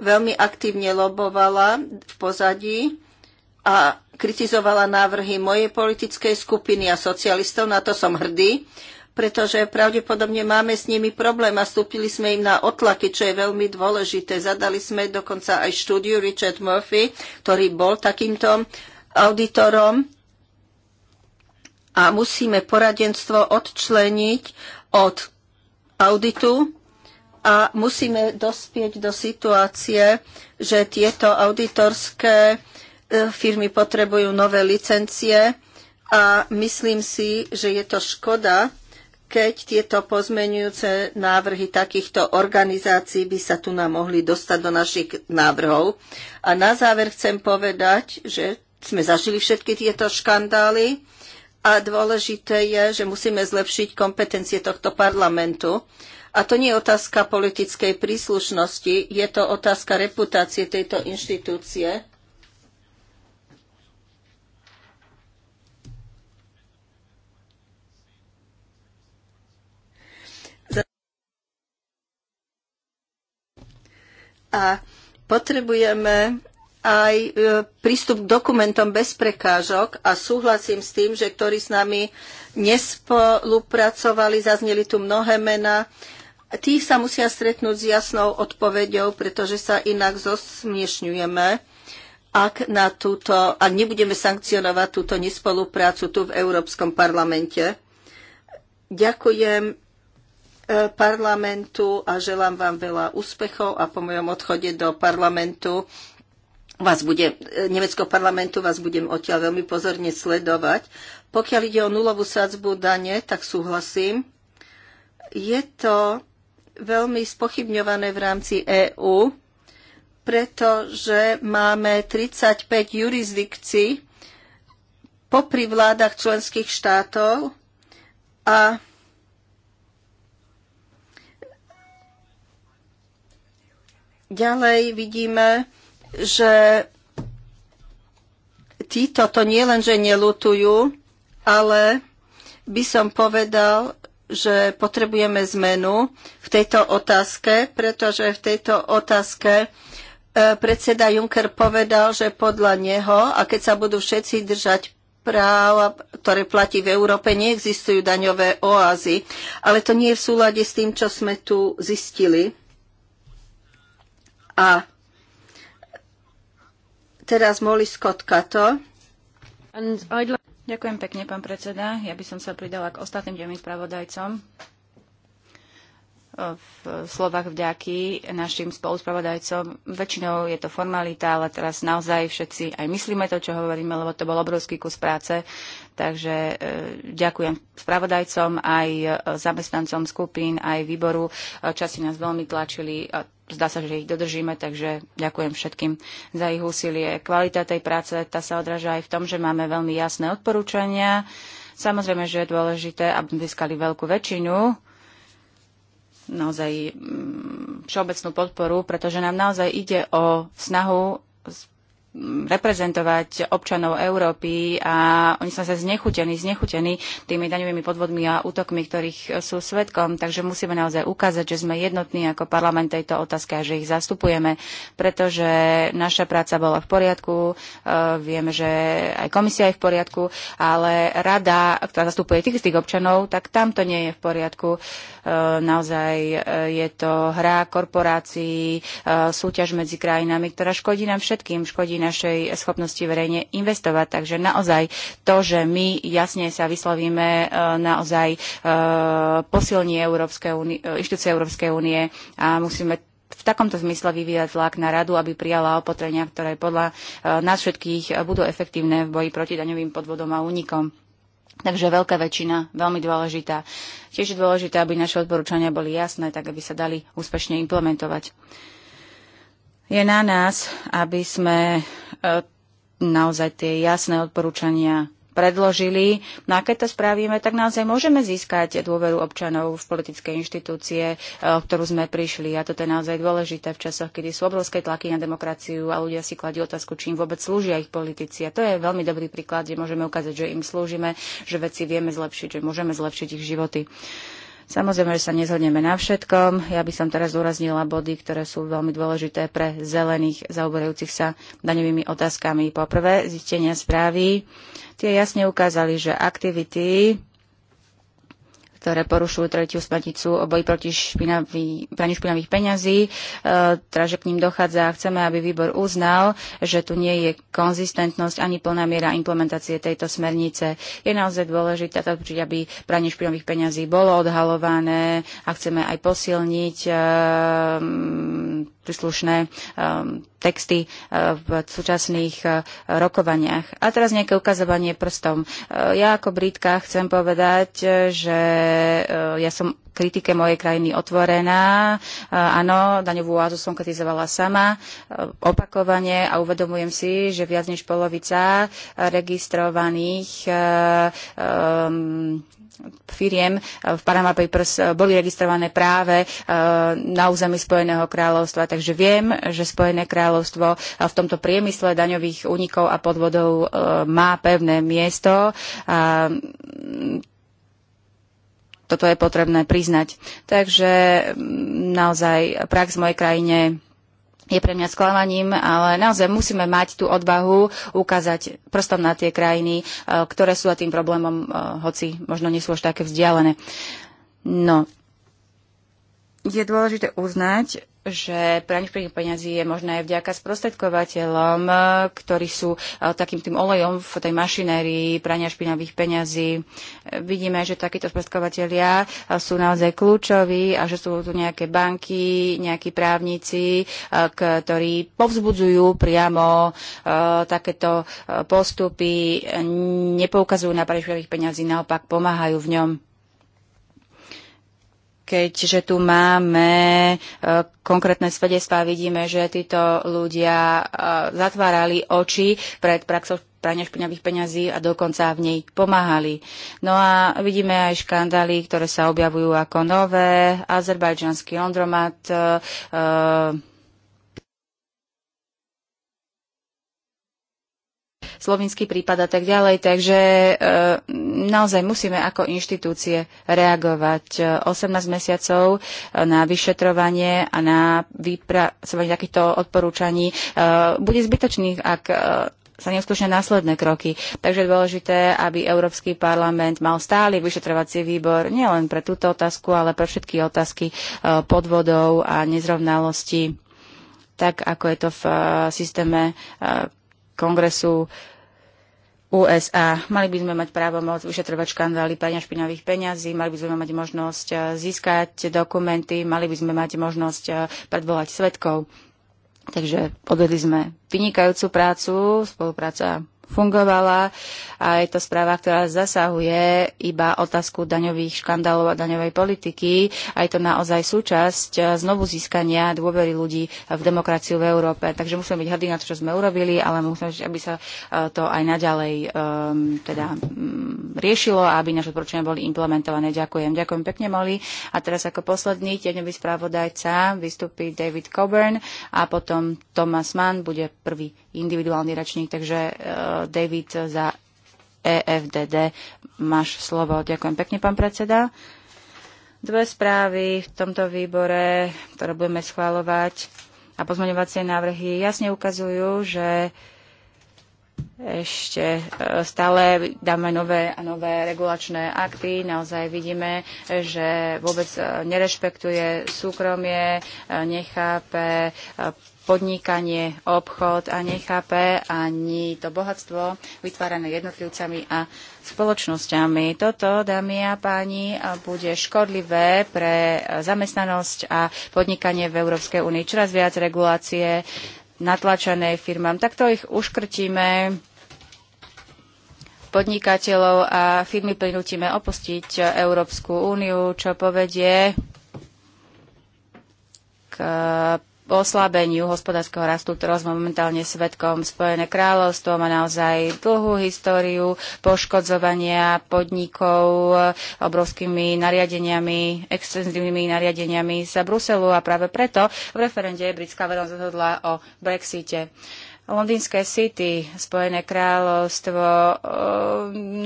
Speaker 1: veľmi aktívne lobovala v pozadí a kritizovala návrhy mojej politickej skupiny a socialistov, na to som hrdý, pretože pravdepodobne máme s nimi problém a stúpili sme im na otlaky, čo je veľmi dôležité. Zadali sme dokonca aj štúdiu Richard Murphy, ktorý bol takýmto auditorom a musíme poradenstvo odčleniť od auditu a musíme dospieť do situácie, že tieto auditorské e, firmy potrebujú nové licencie a myslím si, že je to škoda, keď tieto pozmenujúce návrhy takýchto organizácií by sa tu nám mohli dostať do našich návrhov. A na záver chcem povedať, že sme zažili všetky tieto škandály a dôležité je, že musíme zlepšiť kompetencie tohto parlamentu. A to nie je otázka politickej príslušnosti, je to otázka reputácie tejto inštitúcie. A potrebujeme aj e, prístup k dokumentom bez prekážok a súhlasím s tým, že ktorí s nami nespolupracovali, zazneli tu mnohé mená, tí sa musia stretnúť s jasnou odpoveďou, pretože sa inak zosmiešňujeme, ak, na túto, ak nebudeme sankcionovať túto nespoluprácu tu v Európskom parlamente. Ďakujem e, parlamentu a želám vám veľa úspechov a po mojom odchode do parlamentu vás bude, e, Nemeckého parlamentu vás budem odtiaľ veľmi pozorne sledovať. Pokiaľ ide o nulovú sadzbu dane, tak súhlasím. Je to veľmi spochybňované v rámci EÚ, pretože máme 35 jurisdikcií popri vládach členských štátov a ďalej vidíme, že títo to nie len, že nelutujú, ale by som povedal, že potrebujeme zmenu v tejto otázke, pretože v tejto otázke e, predseda Juncker povedal, že podľa neho, a keď sa budú všetci držať práva, ktoré platí v Európe, neexistujú daňové oázy. Ale to nie je v súlade s tým, čo sme tu zistili. A teraz Molly Scott Cato.
Speaker 2: Ďakujem pekne, pán predseda. Ja by som sa pridala k ostatným denným spravodajcom v slovách vďaky našim spoluspravodajcom. Väčšinou je to formalita, ale teraz naozaj všetci aj myslíme to, čo hovoríme, lebo to bol obrovský kus práce. Takže e, ďakujem spravodajcom, aj e, zamestnancom skupín, aj výboru. E, Časy nás veľmi tlačili zdá sa, že ich dodržíme, takže ďakujem všetkým za ich úsilie. Kvalita tej práce, tá sa odráža aj v tom, že máme veľmi jasné odporúčania. Samozrejme, že je dôležité, aby získali veľkú väčšinu, naozaj mm, všeobecnú podporu, pretože nám naozaj ide o snahu reprezentovať občanov Európy a oni sa znechutení, znechutení tými daňovými podvodmi a útokmi, ktorých sú svetkom. Takže musíme naozaj ukázať, že sme jednotní ako parlament tejto otázke a že ich zastupujeme, pretože naša práca bola v poriadku, e, vieme, že aj komisia je v poriadku, ale rada, ktorá zastupuje tých istých občanov, tak tam to nie je v poriadku. E, naozaj e, je to hra korporácií, súťaž medzi krajinami, ktorá škodí nám všetkým, škodí našej schopnosti verejne investovať. Takže naozaj to, že my jasne sa vyslovíme, e, naozaj e, posilní Európske únie, inštitúcie Európskej únie a musíme v takomto zmysle vyvíjať tlak na radu, aby prijala opatrenia, ktoré podľa e, nás všetkých budú efektívne v boji proti daňovým podvodom a únikom. Takže veľká väčšina, veľmi dôležitá. Tiež je dôležité, aby naše odporúčania boli jasné, tak aby sa dali úspešne implementovať. Je na nás, aby sme e, naozaj tie jasné odporúčania predložili. No a keď to spravíme, tak naozaj môžeme získať dôveru občanov v politické inštitúcie, o e, ktorú sme prišli. A toto je naozaj dôležité v časoch, kedy sú obrovské tlaky na demokraciu a ľudia si kladú otázku, či im vôbec slúžia ich politici. A to je veľmi dobrý príklad, kde môžeme ukázať, že im slúžime, že veci vieme zlepšiť, že môžeme zlepšiť ich životy. Samozrejme, že sa nezhodneme na všetkom. Ja by som teraz zúraznila body, ktoré sú veľmi dôležité pre zelených zaoberajúcich sa daňovými otázkami. Poprvé, zistenia správy. Tie jasne ukázali, že aktivity ktoré porušujú tretiu smernicu o boji proti špinavý, praniu špinavých peňazí. E, teda, že k ním dochádza a chceme, aby výbor uznal, že tu nie je konzistentnosť ani plná miera implementácie tejto smernice. Je naozaj dôležité, aby pranie špinavých peňazí bolo odhalované a chceme aj posilniť e, mm, príslušné e, texty e, v súčasných e, rokovaniach. A teraz nejaké ukazovanie prstom. E, ja ako Britka chcem povedať, že E, ja som kritike mojej krajiny otvorená. E, áno, daňovú oázu som kritizovala sama e, opakovane a uvedomujem si, že viac než polovica registrovaných firiem v Panama Papers boli registrované práve na území Spojeného kráľovstva. Takže viem, že Spojené kráľovstvo v tomto priemysle daňových únikov a podvodov má pevné miesto. Toto je potrebné priznať. Takže mm, naozaj prax v mojej krajine je pre mňa sklamaním, ale naozaj musíme mať tú odvahu ukázať prstom na tie krajiny, e, ktoré sú za tým problémom, e, hoci možno nie sú až také vzdialené. No, je dôležité uznať, že praní špinavých peňazí je možné aj vďaka sprostredkovateľom, eh, ktorí sú eh, takým tým olejom v tej mašinérii prania špinavých peňazí. Vidíme, že takíto sprostredkovateľia eh, sú naozaj kľúčoví a že sú tu nejaké banky, nejakí právnici, ktorí povzbudzujú priamo takéto postupy, nepoukazujú na praní špinavých peňazí, naopak pomáhajú v ňom keďže tu máme e, konkrétne svedectvá, vidíme, že títo ľudia e, zatvárali oči pred praxou prania špinavých peňazí a dokonca v nej pomáhali. No a vidíme aj škandály, ktoré sa objavujú ako nové. Azerbajdžanský ondromat, e, slovinský prípad a tak ďalej. Takže e, naozaj musíme ako inštitúcie reagovať. 18 e, mesiacov e, na vyšetrovanie a na vypracovanie takýchto odporúčaní bude zbytočných, ak sa neuskúšne následné kroky. Takže je dôležité, aby Európsky parlament mal stály vyšetrovací výbor nielen pre túto otázku, ale pre všetky otázky podvodov a nezrovnalostí tak ako je to v systéme kongresu USA. Mali by sme mať právo môcť vyšetrovať škandály prania špinavých peňazí, mali by sme mať možnosť eh, získať dokumenty, mali by sme mať možnosť eh, predvolať svetkov. Takže odvedli sme vynikajúcu prácu, spolupráca fungovala a je to správa, ktorá zasahuje iba otázku daňových škandálov a daňovej politiky a je to naozaj súčasť eh, znovu získania dôvery ľudí v demokraciu v Európe. Takže musíme byť hrdí na to, čo sme urobili, ale musíme, aby sa eh, to aj naďalej um, teda, um, riešilo a aby naše odporúčania boli implementované. Ďakujem. Ďakujem pekne, Moli. A teraz ako posledný tieňový správodajca vystúpi David Coburn a potom Thomas Mann bude prvý individuálny rečník, takže e, David za EFDD máš slovo. Ďakujem pekne, pán predseda. Dve správy v tomto výbore, ktoré budeme schváľovať a pozmeňovacie návrhy jasne ukazujú, že uh, ešte e, stále dáme nové a nové regulačné akty. Naozaj vidíme, že vôbec e, nerešpektuje súkromie, e, nechápe podnikanie, obchod a nechápe ani to bohatstvo vytvárané jednotlivcami a spoločnosťami. Toto, dámy a páni, bude škodlivé pre zamestnanosť a podnikanie v Európskej únii. Čoraz viac regulácie natlačené firmám. Takto ich uškrtíme podnikateľov a firmy prinútime opustiť Európsku úniu, čo povedie k oslabeniu hospodárskeho rastu, ktorého sme momentálne svetkom. Spojené kráľovstvo má naozaj dlhú históriu poškodzovania podnikov eh, obrovskými nariadeniami, extenzívnymi nariadeniami sa Bruselu a práve preto v referende britská verejnosť rozhodla o Brexite. Londýnske City, Spojené kráľovstvo e,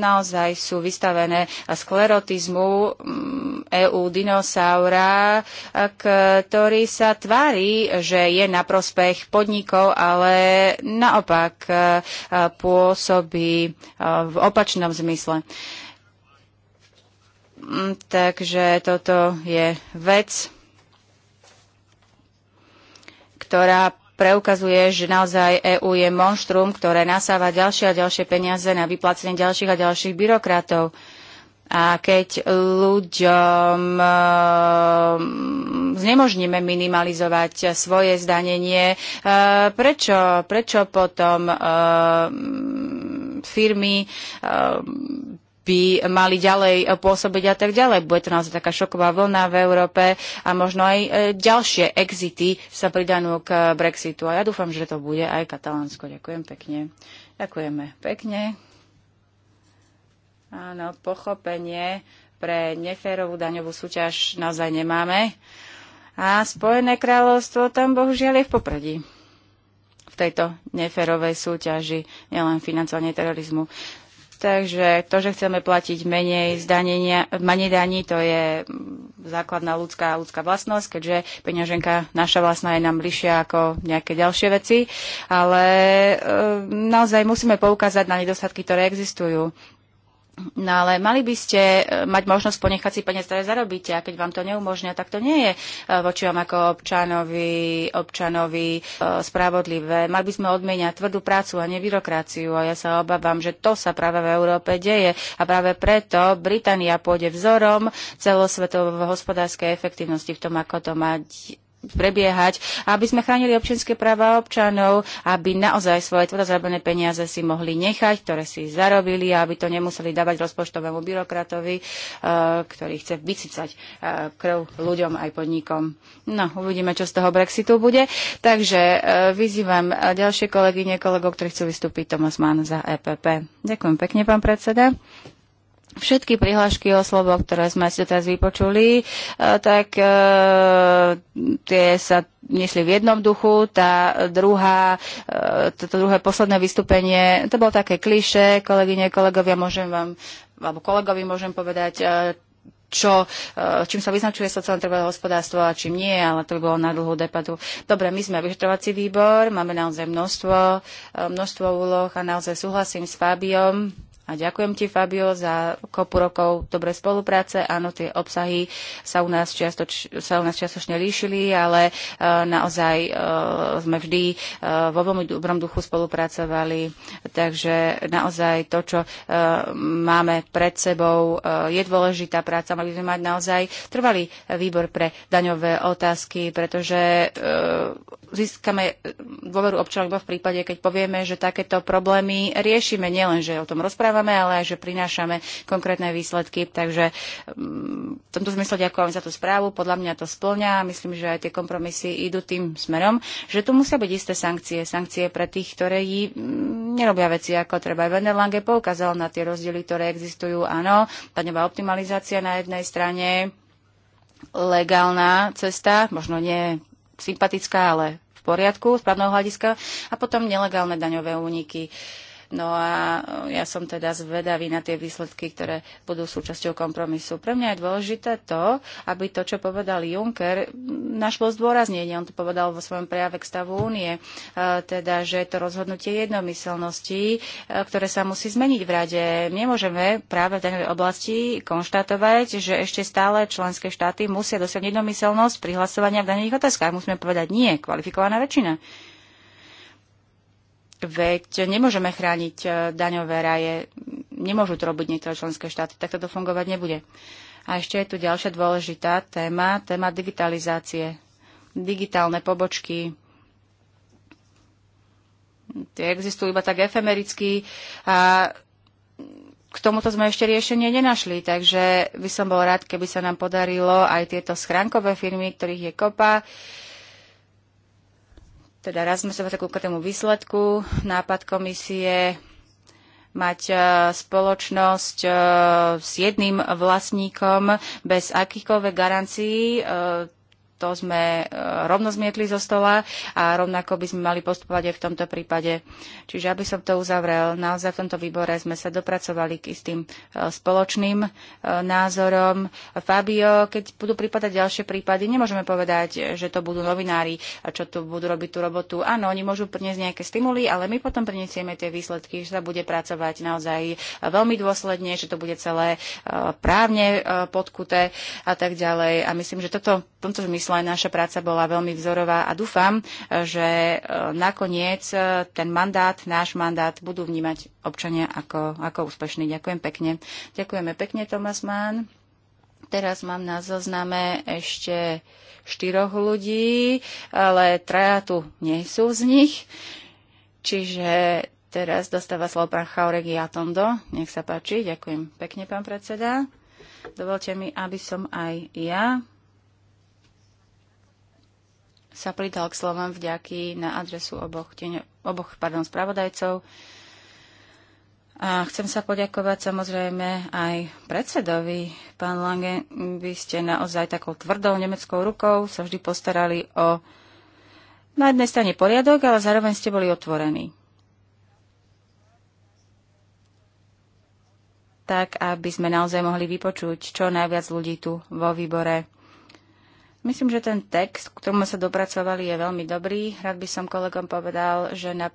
Speaker 2: naozaj sú vystavené sklerotizmu mm, EU dinosaura, e, ktorý sa tvári, že je na prospech podnikov, ale naopak e, pôsobí v opačnom zmysle. Mm, takže toto je vec, ktorá preukazuje, že naozaj EÚ je monštrum, ktoré nasáva ďalšie a ďalšie peniaze na vyplacenie ďalších a ďalších byrokratov. A keď ľuďom ehm, znemožníme minimalizovať svoje zdanenie, ehm, prečo, prečo potom ehm, firmy by mali ďalej eh, pôsobiť a tak ďalej. Bude to naozaj taká šoková vlna v Európe a možno aj eh, ďalšie exity sa pridanú k eh, Brexitu. A ja dúfam, že to bude aj Katalánsko. Ďakujem pekne. Ďakujeme pekne. Áno, pochopenie pre neférovú daňovú súťaž naozaj nemáme. A Spojené kráľovstvo tam bohužiaľ je v popredí v tejto neférovej súťaži, nielen financovanie terorizmu. Takže to, že chceme platiť menej, zdanenia, menej daní, to je základná ľudská, ľudská vlastnosť, keďže peňaženka naša vlastná je nám bližšia ako nejaké ďalšie veci. Ale e, naozaj musíme poukázať na nedostatky, ktoré existujú. No ale mali by ste e, mať možnosť ponechať si peniaze, ktoré zarobíte a keď vám to neumožňa, tak to nie je e, voči vám ako občanovi, občanovi e, spravodlivé. Mali by sme odmieniať tvrdú prácu a nebyrokraciu a ja sa obávam, že to sa práve v Európe deje a práve preto Británia pôjde vzorom celosvetovej hospodárskej efektivnosti v tom, ako to mať prebiehať, aby sme chránili občianské práva občanov, aby naozaj svoje tvrdo zarobené peniaze si mohli nechať, ktoré si zarobili, aby to nemuseli dávať rozpočtovému byrokratovi, eh, ktorý chce vycicať eh, krv ľuďom aj podnikom. No, uvidíme, čo z toho Brexitu bude. Takže eh, vyzývam ďalšie kolegyne, kolegov, ktorí chcú vystúpiť, Tomas Mann za EPP. Ďakujem pekne, pán predseda všetky prihlášky o slovo, ktoré sme si teraz vypočuli, e, tak e, tie sa nešli v jednom duchu. Tá druhá, e, toto druhé posledné vystúpenie, to bolo také kliše, kolegyne, kolegovia, môžem vám, alebo kolegovi môžem povedať, čo, čím sa vyznačuje sociálne trvalé hospodárstvo a čím nie, ale to by bolo na dlhú debatu. Dobre, my sme vyšetrovací výbor, máme naozaj množstvo, množstvo úloh a naozaj súhlasím s Fábiom, a ďakujem ti, Fabio, za kopu rokov dobre spolupráce. Áno, tie obsahy sa u nás, čiastoč, sa u nás čiastočne líšili, ale uh, naozaj uh, sme vždy uh, vo veľmi dobrom duchu spolupracovali. Takže naozaj to, čo uh, máme pred sebou, uh, je dôležitá práca. Mali sme mať naozaj trvalý výbor pre daňové otázky, pretože uh, získame e, dôveru občanov iba v prípade, keď povieme, že takéto problémy riešime. Nielen, že o tom rozprávame, ale aj, že prinášame konkrétne výsledky. Takže mm, v tomto zmysle ďakujem za tú správu. Podľa mňa to splňa. Myslím, že aj tie kompromisy idú tým smerom, že tu musia byť isté sankcie. Sankcie pre tých, ktorí mm, nerobia veci ako treba. Werner Lange poukázal na tie rozdiely, ktoré existujú. Áno, tá nová optimalizácia na jednej strane legálna cesta, možno nie sympatická, ale v poriadku, z právneho hľadiska, a potom nelegálne daňové úniky. No a e, ja som teda zvedavý na tie výsledky, ktoré budú súčasťou kompromisu. Pre mňa je dôležité to, aby to, čo povedal Juncker, našlo zdôraznenie. On to povedal vo svojom prejave k stavu únie, e, teda, že je to rozhodnutie jednomyselnosti, e, ktoré sa musí zmeniť v rade. Nemôžeme práve v danej oblasti konštatovať, že ešte stále členské štáty musia dosiahnuť jednomyselnosť pri hlasovaní v daných otázkach. Musíme povedať nie, kvalifikovaná väčšina. Veď nemôžeme chrániť e, daňové raje, nemôžu to robiť niektoré členské štáty, tak toto fungovať nebude. A ešte je tu ďalšia dôležitá téma, téma digitalizácie. Digitálne pobočky, tie existujú iba tak efemericky a k tomuto sme ešte riešenie nenašli, takže by som bol rád, keby sa nám podarilo aj tieto schránkové firmy, ktorých je kopa, teda raz sme sa takú k tomu výsledku. Nápad komisie mať e, spoločnosť e, s jedným vlastníkom bez akýchkoľvek garancií. E, to sme e, rovno zmietli zo stola a rovnako by sme mali postupovať aj v tomto prípade. Čiže aby som to uzavrel, naozaj v tomto výbore sme sa dopracovali k istým e, spoločným e, názorom. Fabio, keď budú prípadať ďalšie prípady, nemôžeme povedať, že to budú novinári, čo tu budú robiť tú robotu. Áno, oni môžu priniesť nejaké stimuly, ale my potom prinesieme tie výsledky, že sa bude pracovať naozaj veľmi dôsledne, že to bude celé právne podkuté a tak ďalej. A myslím, že toto v tomto zmysle aj naša práca bola veľmi vzorová a dúfam, že e, nakoniec e, ten mandát, náš mandát budú vnímať občania ako, ako úspešný. Ďakujem pekne. Ďakujeme pekne, Tomas Mann. Teraz mám na zozname ešte štyroch ľudí, ale traja tu nie sú z nich. Čiže teraz dostáva slovo pán Chauregi Atondo. Nech sa páči. Ďakujem pekne, pán predseda. Dovolte mi, aby som aj ja sa pridal k slovám vďaky na adresu oboch, tieň, oboch pardon, spravodajcov. A chcem sa poďakovať samozrejme aj predsedovi. Pán Lange, vy ste naozaj takou tvrdou nemeckou rukou sa vždy postarali o na jednej strane poriadok, ale zároveň ste boli otvorení. Tak, aby sme naozaj mohli vypočuť čo najviac ľudí tu vo výbore Myslím, že ten text, k tomu sa dopracovali, je veľmi dobrý. Rád by som kolegom povedal, že na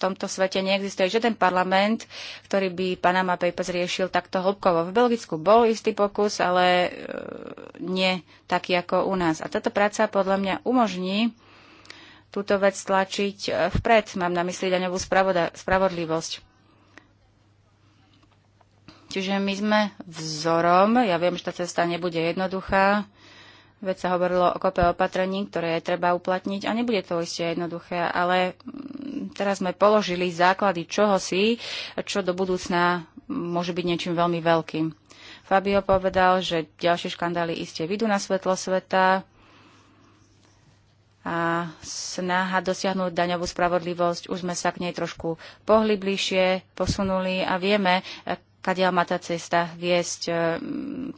Speaker 2: v tomto svete neexistuje žiaden parlament, ktorý by Panama Papers riešil takto hĺbkovo. V Belgicku bol istý pokus, ale e, nie taký ako u nás. A táto práca podľa mňa umožní túto vec tlačiť e, vpred. Mám na mysli daňovú spravodlivosť. Čiže my sme vzorom. Ja viem, že tá cesta nebude jednoduchá. Veď sa hovorilo o kope opatrení, ktoré je treba uplatniť a nebude to isté jednoduché, ale mm, teraz sme položili základy čohosi, čo do budúcna môže byť niečím veľmi veľkým. Fabio povedal, že ďalšie škandály iste vidú na svetlo sveta a snaha dosiahnuť daňovú spravodlivosť, už sme sa k nej trošku pohli bližšie, posunuli a vieme, kadiaľ má tá cesta viesť e,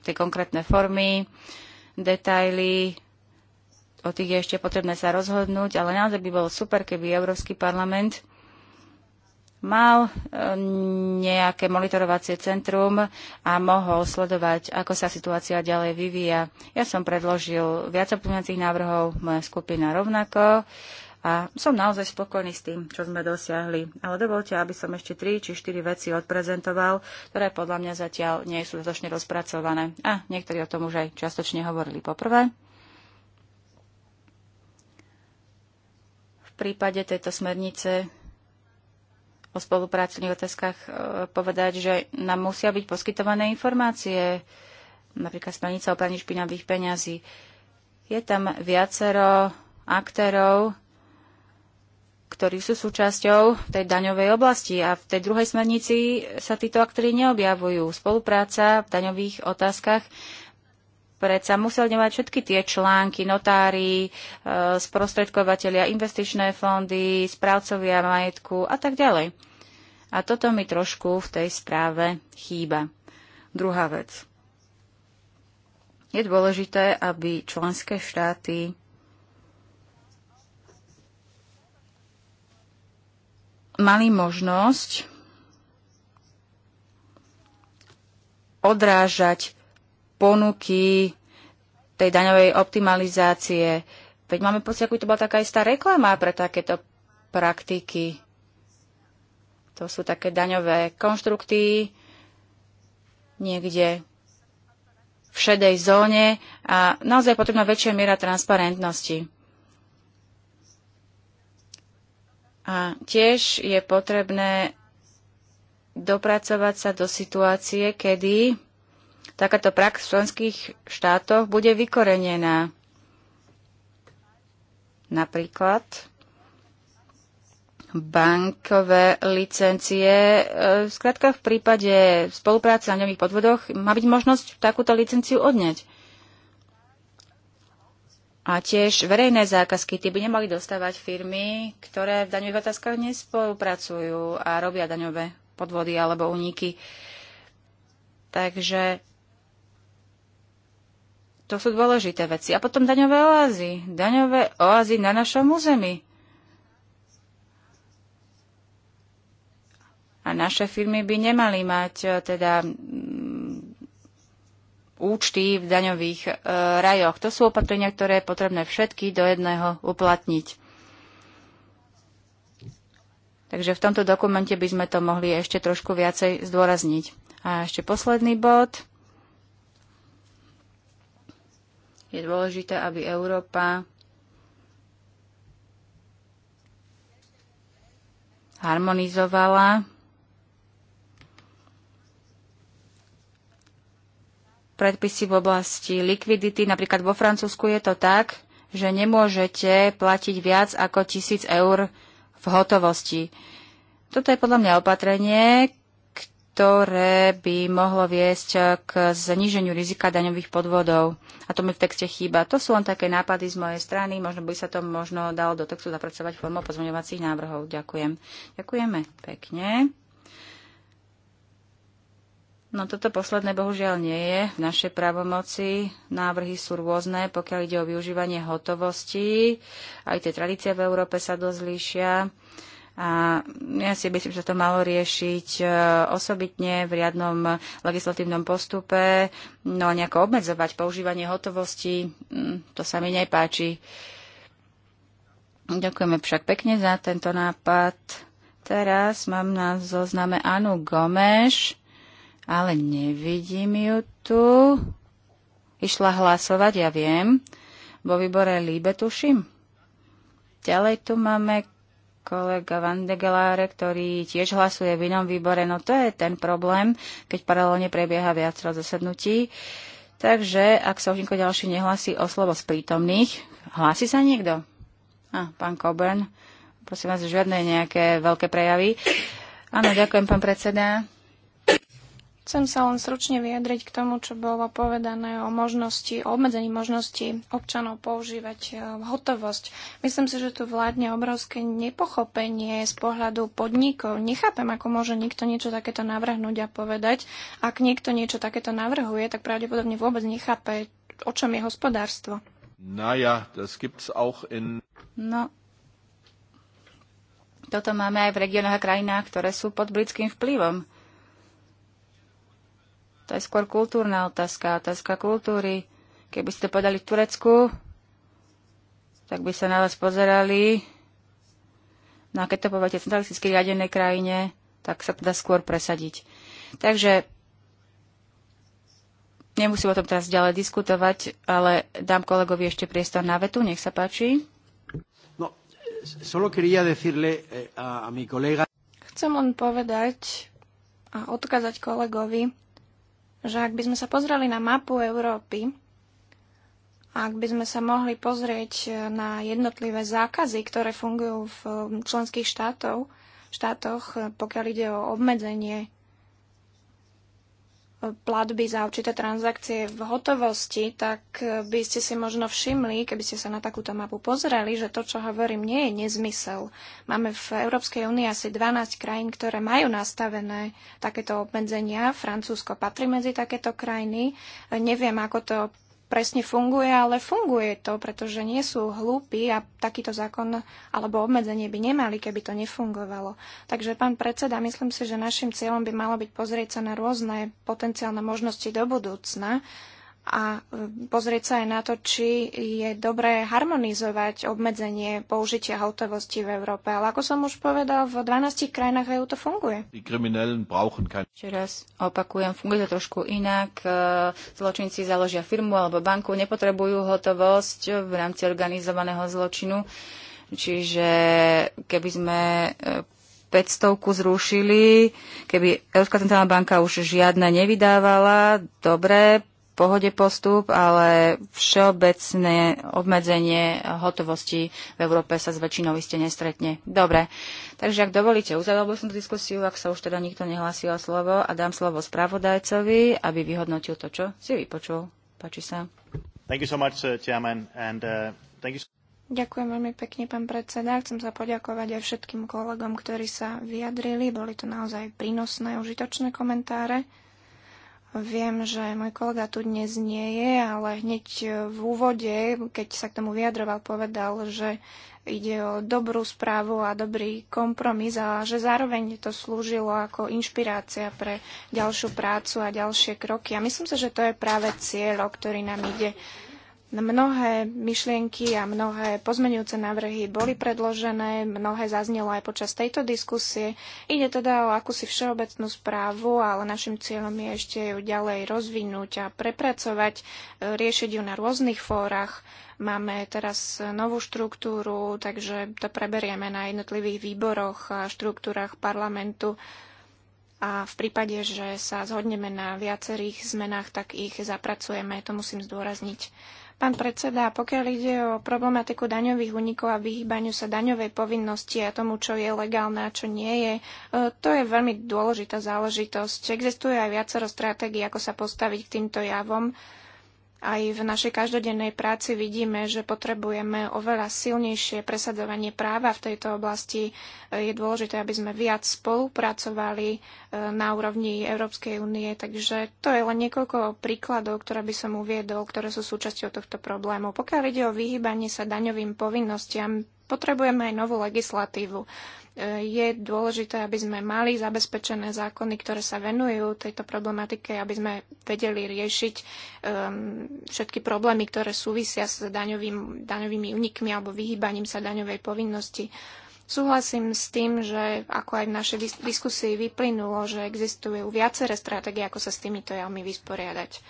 Speaker 2: tie konkrétne formy, detaily, o tých je ešte potrebné sa rozhodnúť, ale naozaj by bolo super, keby Európsky parlament mal e, nejaké monitorovacie centrum a mohol sledovať, ako sa situácia ďalej vyvíja. Ja som predložil viac opomínacích návrhov, moja skupina rovnako a som naozaj spokojný s tým, čo sme dosiahli. Ale dovolte, aby som ešte 3 či štyri veci odprezentoval, ktoré podľa mňa zatiaľ nie sú dostatočne rozpracované. A niektorí o tom už aj čiastočne hovorili. Poprvé, v prípade tejto smernice o spolupracovných otázkach e, povedať, že nám musia byť poskytované informácie, napríklad smernica o praní špinavých peňazí. Je tam viacero aktérov, ktorí sú súčasťou tej daňovej oblasti. A v tej druhej smernici sa títo aktéry neobjavujú. Spolupráca v daňových otázkach predsa museli mať všetky tie články, notári, e, sprostredkovateľia, investičné fondy, správcovia majetku a tak ďalej. A toto mi trošku v tej správe chýba. Druhá vec. Je dôležité, aby členské štáty mali možnosť odrážať ponuky tej daňovej optimalizácie. Veď máme pocit, ako to bola taká istá reklama pre takéto praktiky. To sú také daňové konštrukty niekde v šedej zóne a naozaj potrebná väčšia miera transparentnosti. A tiež je potrebné dopracovať sa do situácie, kedy takáto prax v členských štátoch bude vykorenená. Napríklad bankové licencie. E, skrátka v prípade spolupráce na ňových podvodoch má byť možnosť takúto licenciu odňať. A tiež verejné zákazky, tie by nemali dostávať firmy, ktoré v daňových otázkach nespolupracujú a robia daňové podvody alebo úniky. Takže to sú dôležité veci. A potom daňové oázy. Daňové oázy na našom území. A naše firmy by nemali mať e, teda účty v daňových e, rajoch. To sú opatrenia, ktoré je potrebné všetky do jedného uplatniť. Takže v tomto dokumente by sme to mohli ešte trošku viacej zdôrazniť. A ešte posledný bod. Je dôležité, aby Európa harmonizovala predpisy v oblasti likvidity. Napríklad vo Francúzsku je to tak, že nemôžete platiť viac ako tisíc eur v hotovosti. Toto je podľa mňa opatrenie, ktoré by mohlo viesť k zníženiu rizika daňových podvodov. A to mi v texte chýba. To sú len také nápady z mojej strany. Možno by sa to možno dalo do textu zapracovať formou pozmeňovacích návrhov. Ďakujem. Ďakujeme pekne. No toto posledné bohužiaľ nie je v našej právomoci. Návrhy sú rôzne, pokiaľ ide o využívanie hotovosti. Aj tie tradície v Európe sa dosť líšia. A ja si myslím, že to malo riešiť e, osobitne v riadnom legislatívnom postupe, no a nejako obmedzovať používanie hotovosti, mm, to sa mi nepáči. Ďakujeme však pekne za tento nápad. Teraz mám na zozname Anu Gomeš ale nevidím ju tu. Išla hlasovať, ja viem. Vo výbore Líbe, tuším. Ďalej tu máme kolega Van de Gelare, ktorý tiež hlasuje v inom výbore. No to je ten problém, keď paralelne prebieha viacero zasadnutí. Takže, ak sa už nikto ďalší nehlasí o slovo z prítomných, hlási sa niekto? A, ah, pán Coburn, prosím vás, žiadne nejaké veľké prejavy. Áno, ďakujem, pán predseda.
Speaker 3: Chcem sa len stručne vyjadriť k tomu, čo bolo povedané o možnosti, o obmedzení možnosti občanov používať e, hotovosť. Myslím si, že tu vládne obrovské nepochopenie z pohľadu podnikov. Nechápem, ako môže niekto niečo takéto navrhnúť a povedať. Ak niekto niečo takéto navrhuje, tak pravdepodobne vôbec nechápe, o čom je hospodárstvo.
Speaker 1: ja, das gibt's auch in...
Speaker 3: No,
Speaker 2: toto máme aj v regiónoch a krajinách, ktoré sú pod britským vplyvom. To je skôr kultúrna otázka, otázka kultúry. Keby ste to v Turecku, tak by sa na vás pozerali. No a keď to poviete v centralisticky riadenej krajine, tak sa to dá skôr presadiť. Takže nemusím o tom teraz ďalej diskutovať, ale dám kolegovi ešte priestor na vetu, nech sa páči. No, solo quería decirle eh, a, a mi kolega...
Speaker 3: Chcem len povedať a odkázať kolegovi, že ak by sme sa pozreli na mapu Európy, ak by sme sa mohli pozrieť e, na jednotlivé zákazy, ktoré fungujú v členských štátoch, štátoch, e, pokiaľ ide o obmedzenie platby za určité transakcie v hotovosti, tak eh, by ste si možno všimli, keby ste sa na takúto mapu pozreli, že to, čo hovorím, nie je nezmysel. Máme v Európskej únii asi 12 krajín, ktoré majú nastavené takéto obmedzenia. Francúzsko patrí medzi takéto krajiny. Neviem, ako to presne funguje, ale funguje to, pretože nie sú hlúpi a takýto zákon alebo obmedzenie by nemali, keby to nefungovalo. Takže, pán predseda, myslím si, že našim cieľom by malo byť pozrieť sa na rôzne potenciálne možnosti do budúcna a pozrieť sa aj na to, či je dobré harmonizovať obmedzenie použitia hotovosti v Európe. Ale ako som už povedal, v 12 krajinách EU to funguje. Ešte raz opakujem, funguje
Speaker 2: to trošku inak. E, zločinci založia firmu alebo banku, nepotrebujú hotovosť v rámci organizovaného zločinu. Čiže keby sme 500 e, zrušili, keby Európska centrálna banka už žiadne nevydávala, dobre, pohode postup, ale všeobecné obmedzenie hotovosti v Európe sa s väčšinou iste nestretne. Dobre, takže ak dovolíte, uzavrel som tú diskusiu, ak sa už teda nikto nehlásil slovo a dám slovo spravodajcovi, aby vyhodnotil to, čo si vypočul. Páči sa.
Speaker 3: Thank you so much, uh, chairman, and, uh, thank you so- Ďakujem veľmi pekne, pán predseda. Chcem sa poďakovať aj všetkým kolegom, ktorí sa vyjadrili. Boli to naozaj prínosné, užitočné komentáre. Viem, že môj kolega tu dnes nie je, ale hneď v úvode, keď sa k tomu vyjadroval, povedal, že ide o dobrú správu a dobrý kompromis a že zároveň to slúžilo ako inšpirácia pre ďalšiu prácu a ďalšie kroky. A myslím si, že to je práve cieľ, o ktorý nám ide Mnohé myšlienky a mnohé pozmenujúce návrhy boli predložené, mnohé zaznelo aj počas tejto diskusie. Ide teda o akúsi všeobecnú správu, ale našim cieľom je ešte ju ďalej rozvinúť a prepracovať, e, riešiť ju na rôznych fórach. Máme teraz novú štruktúru, takže to preberieme na jednotlivých výboroch a štruktúrach parlamentu. A v prípade, že sa zhodneme na viacerých zmenách, tak ich zapracujeme. To musím zdôrazniť. Pán predseda, pokiaľ ide o problematiku daňových únikov a vyhýbaniu sa daňovej povinnosti a tomu, čo je legálne a čo nie je, e, to je veľmi dôležitá záležitosť. Existuje aj viacero stratégií, ako sa postaviť k týmto javom. Aj v našej každodennej práci vidíme, že potrebujeme oveľa silnejšie presadzovanie práva v tejto oblasti. Je dôležité, aby sme viac spolupracovali e, na úrovni Európskej únie. Takže to je len niekoľko príkladov, ktoré by som uviedol, ktoré sú súčasťou tohto problému. Pokiaľ ide o vyhýbanie sa daňovým povinnostiam, potrebujeme aj novú legislatívu je dôležité, aby sme mali zabezpečené zákony, ktoré sa venujú tejto problematike, aby sme vedeli riešiť um, všetky problémy, ktoré súvisia s daňovým, daňovými unikmi alebo vyhýbaním sa daňovej povinnosti. Súhlasím s tým, že ako aj v našej diskusii vyplynulo, že existujú viaceré stratégie, ako sa s týmito jami vysporiadať.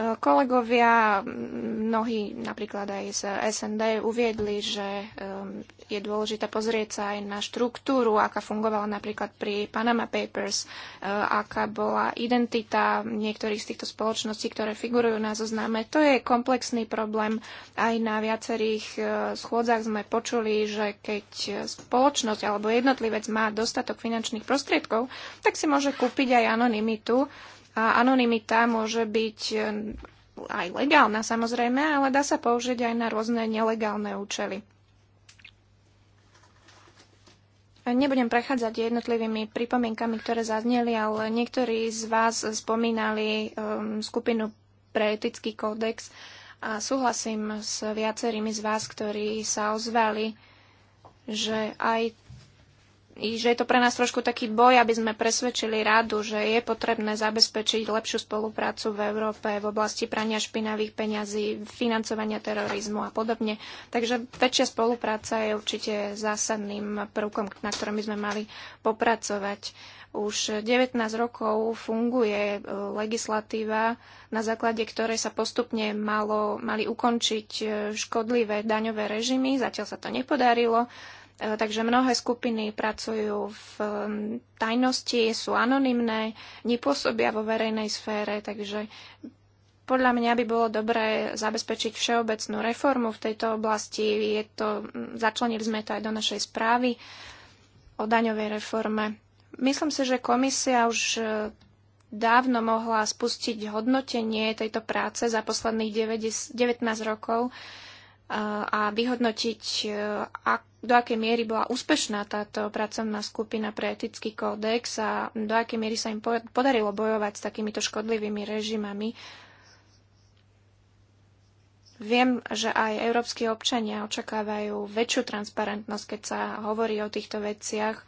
Speaker 3: Kolegovia, mnohí napríklad aj z SND, uviedli, že um, je dôležité pozrieť sa aj na štruktúru, aká fungovala napríklad pri Panama Papers, uh, aká bola identita niektorých z týchto spoločností, ktoré figurujú na zozname. To je komplexný problém. Aj na viacerých uh, schôdzach sme počuli, že keď spoločnosť alebo jednotlivec má dostatok finančných prostriedkov, tak si môže kúpiť aj anonymitu a anonimita môže byť e, aj legálna samozrejme, ale dá sa použiť aj na rôzne nelegálne účely. Nebudem prechádzať jednotlivými pripomienkami, ktoré zazneli, ale niektorí z vás spomínali um, skupinu pre etický kódex a súhlasím s viacerými z vás, ktorí sa ozvali, že aj že je to pre nás trošku taký boj, aby sme presvedčili radu, že je potrebné zabezpečiť lepšiu spoluprácu v Európe v oblasti prania špinavých peňazí, financovania terorizmu a podobne. Takže väčšia spolupráca je určite zásadným prvkom, na ktorom by sme mali popracovať. Už 19 rokov funguje e, legislatíva, na základe ktorej sa postupne malo, mali ukončiť e, škodlivé daňové režimy. Zatiaľ sa to nepodarilo. Eh, takže mnohé skupiny pracujú v mm, tajnosti, sú anonymné, nepôsobia vo verejnej sfére, takže podľa mňa by bolo dobré zabezpečiť všeobecnú reformu v tejto oblasti. Je to, mm, začlenili sme to aj do našej správy o daňovej reforme. Myslím si, že komisia už eh, dávno mohla spustiť hodnotenie tejto práce za posledných 90, 19 rokov a vyhodnotiť, e, do akej miery bola úspešná táto pracovná skupina pre etický kódex a do akej miery sa im podarilo bojovať s takýmito škodlivými režimami. Viem, že aj európsky občania očakávajú väčšiu transparentnosť, keď sa hovorí o týchto veciach.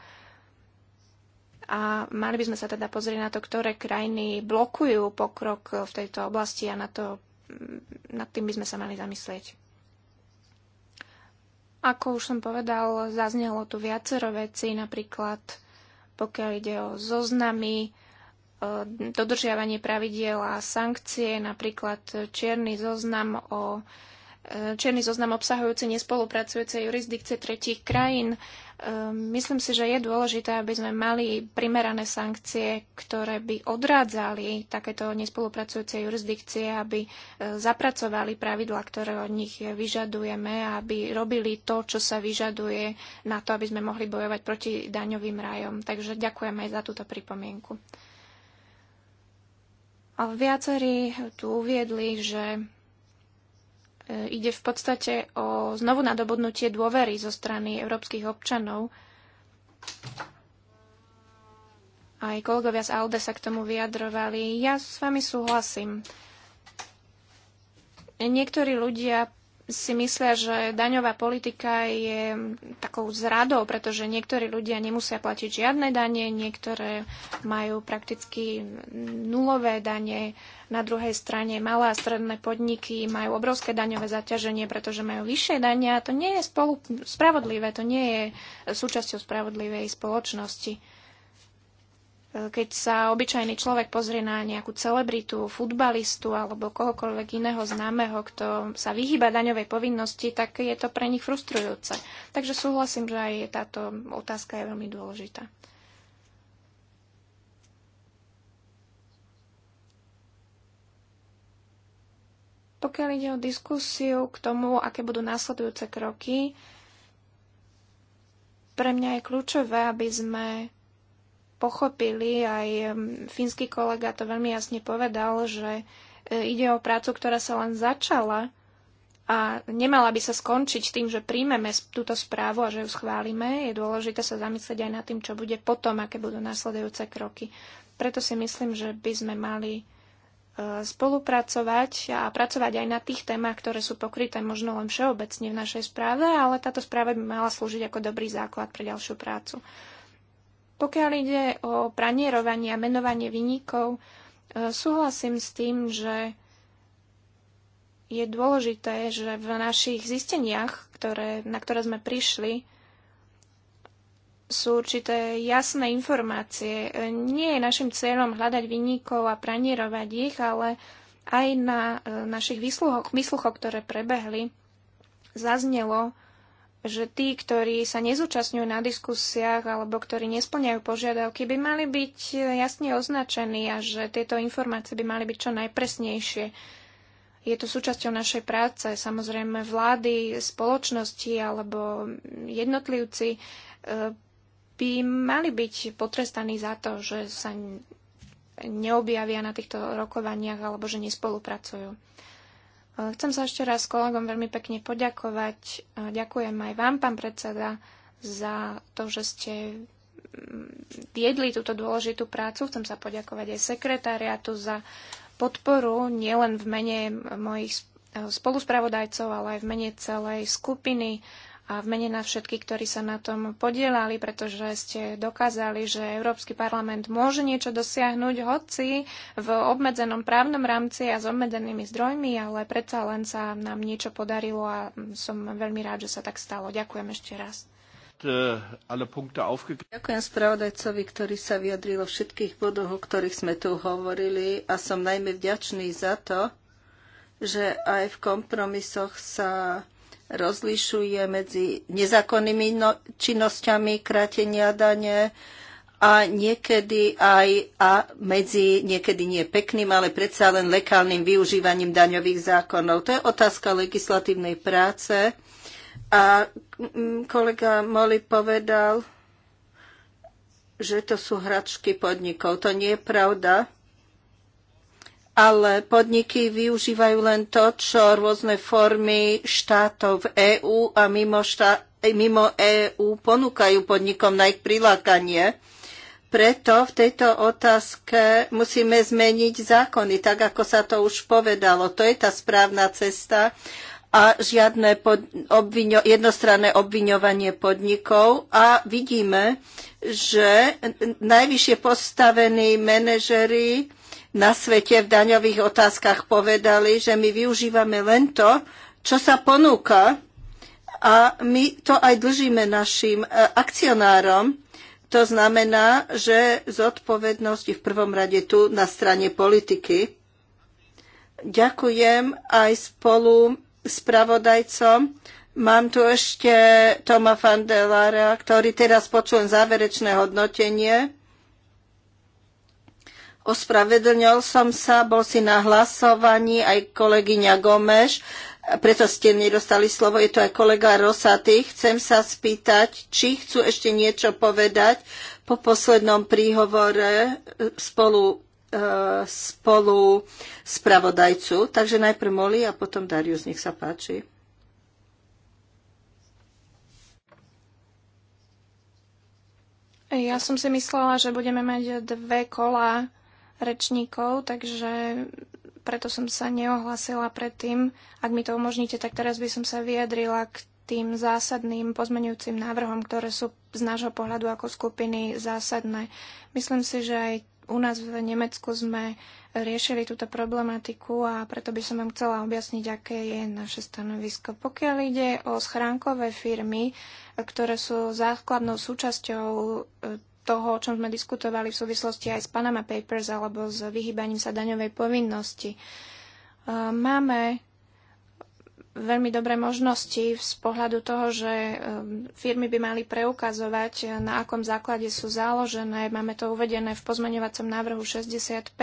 Speaker 3: A mali by sme sa teda pozrieť na to, ktoré krajiny blokujú pokrok v tejto oblasti a na to, nad tým by sme sa mali zamyslieť. Ako už som povedal, zaznelo tu viacero vecí, napríklad pokiaľ ide o zoznamy, e, dodržiavanie pravidiel a sankcie, napríklad čierny zoznam o e, čierny zoznam obsahujúci nespolupracujúce jurisdikcie tretích krajín Ehm, myslím si, že je dôležité, aby sme mali primerané sankcie, ktoré by odrádzali takéto nespolupracujúce jurisdikcie, aby e, zapracovali pravidla, ktoré od nich vyžadujeme, aby robili to, čo sa vyžaduje na to, aby sme mohli bojovať proti daňovým rajom. Takže ďakujem aj za túto pripomienku. A viacerí tu uviedli, že E, ide v podstate o znovu nadobudnutie dôvery zo strany európskych občanov. Aj kolegovia z ALDE sa k tomu vyjadrovali. Ja s vami súhlasím. Niektorí ľudia si myslia, že daňová politika je takou zradou, pretože niektorí ľudia nemusia platiť žiadne dane, niektoré majú prakticky nulové dane. Na druhej strane malé a stredné podniky majú obrovské daňové zaťaženie, pretože majú vyššie dane a to nie je spolu, spravodlivé, to nie je súčasťou spravodlivej spoločnosti keď sa obyčajný človek pozrie na nejakú celebritu, futbalistu alebo kohokoľvek iného známeho, kto sa vyhýba daňovej povinnosti, tak je to pre nich frustrujúce. Takže súhlasím, že aj táto otázka je veľmi dôležitá. Pokiaľ ide o diskusiu k tomu, aké budú následujúce kroky, pre mňa je kľúčové, aby sme pochopili. Aj fínsky kolega to veľmi jasne povedal, že e, ide o prácu, ktorá sa len začala a nemala by sa skončiť tým, že príjmeme túto správu a že ju schválime. Je dôležité sa zamyslieť aj nad tým, čo bude potom, aké budú následujúce kroky. Preto si myslím, že by sme mali e, spolupracovať a pracovať aj na tých témach, ktoré sú pokryté možno len všeobecne v našej správe, ale táto správa by mala slúžiť ako dobrý základ pre ďalšiu prácu. Pokiaľ ide o pranierovanie a menovanie vyníkov, e, súhlasím s tým, že je dôležité, že v našich zisteniach, ktoré, na ktoré sme prišli, sú určité jasné informácie. E, nie je našim cieľom hľadať vyníkov a pranierovať ich, ale aj na e, našich vysluchoch, ktoré prebehli, zaznelo, že tí, ktorí sa nezúčastňujú na diskusiách alebo ktorí nesplňajú požiadavky, by mali byť jasne označení a že tieto informácie by mali byť čo najpresnejšie. Je to súčasťou našej práce. Samozrejme vlády, spoločnosti alebo jednotlivci e, by mali byť potrestaní za to, že sa neobjavia na týchto rokovaniach alebo že nespolupracujú. Eh, chcem sa ešte raz kolegom veľmi pekne poďakovať. Eh, ďakujem aj vám, pán predseda, za to, že ste mm, viedli túto dôležitú prácu. Chcem sa poďakovať aj sekretariatu za podporu, nielen v mene mojich eh, spoluspravodajcov, ale aj v mene celej skupiny a v mene na všetky, ktorí sa na tom podielali, pretože ste dokázali, že Európsky parlament môže niečo dosiahnuť, hoci v obmedzenom právnom rámci a s obmedzenými zdrojmi, ale predsa len sa nám niečo podarilo a som veľmi rád, že sa tak stalo. Ďakujem ešte raz.
Speaker 1: Ďakujem
Speaker 3: spravodajcovi, ktorý sa
Speaker 1: vyjadril o všetkých bodoch, o ktorých sme tu hovorili a som najmä vďačný za to, že aj v kompromisoch sa rozlišuje medzi nezákonnými no- činnosťami krátenia dane a niekedy aj a medzi niekedy nie pekným, ale predsa len lekálnym využívaním daňových zákonov. To je otázka legislatívnej práce. A mm, kolega Moli povedal, že to sú hračky podnikov. To nie je pravda ale podniky využívajú len to, čo rôzne formy štátov v EÚ a mimo, štát, e, mimo EÚ ponúkajú podnikom na ich prilákanie. Preto v tejto otázke musíme zmeniť zákony, tak ako sa to už povedalo. To je tá správna cesta a žiadne pod, obviňo, jednostranné obviňovanie podnikov. A vidíme, že najvyššie postavení manažery na svete v daňových otázkach povedali, že my využívame len to, čo sa ponúka a my to aj dlžíme našim e, akcionárom. To znamená, že zodpovednosť je v prvom rade tu na strane politiky. Ďakujem aj spolu spravodajcom. Mám tu ešte Toma Fandelára, ktorý teraz počujem záverečné hodnotenie Ospravedlňol som sa, bol si na hlasovaní aj kolegyňa Gomeš, preto ste nedostali slovo, je to aj kolega Rosaty. Chcem sa spýtať, či chcú ešte niečo povedať po poslednom príhovore e, spolu, e, spolu spravodajcu. Takže najprv Moli a potom Darius, nech sa páči.
Speaker 3: Ja som si myslela, že budeme mať dve kola rečníkov, takže preto som sa neohlasila predtým. Ak mi to umožníte, tak teraz by som sa vyjadrila k tým zásadným pozmenujúcim návrhom, ktoré sú z nášho pohľadu ako skupiny zásadné. Myslím si, že aj u nás v Nemecku sme riešili túto problematiku a preto by som vám chcela objasniť, aké je naše stanovisko. Pokiaľ ide o schránkové firmy, ktoré sú základnou súčasťou e, toho, o čom sme diskutovali v súvislosti aj s Panama Papers alebo s vyhýbaním sa daňovej povinnosti. E, máme veľmi dobré možnosti z pohľadu toho, že e, firmy by mali preukazovať, e, na akom základe sú založené. Máme to uvedené v pozmeňovacom návrhu 65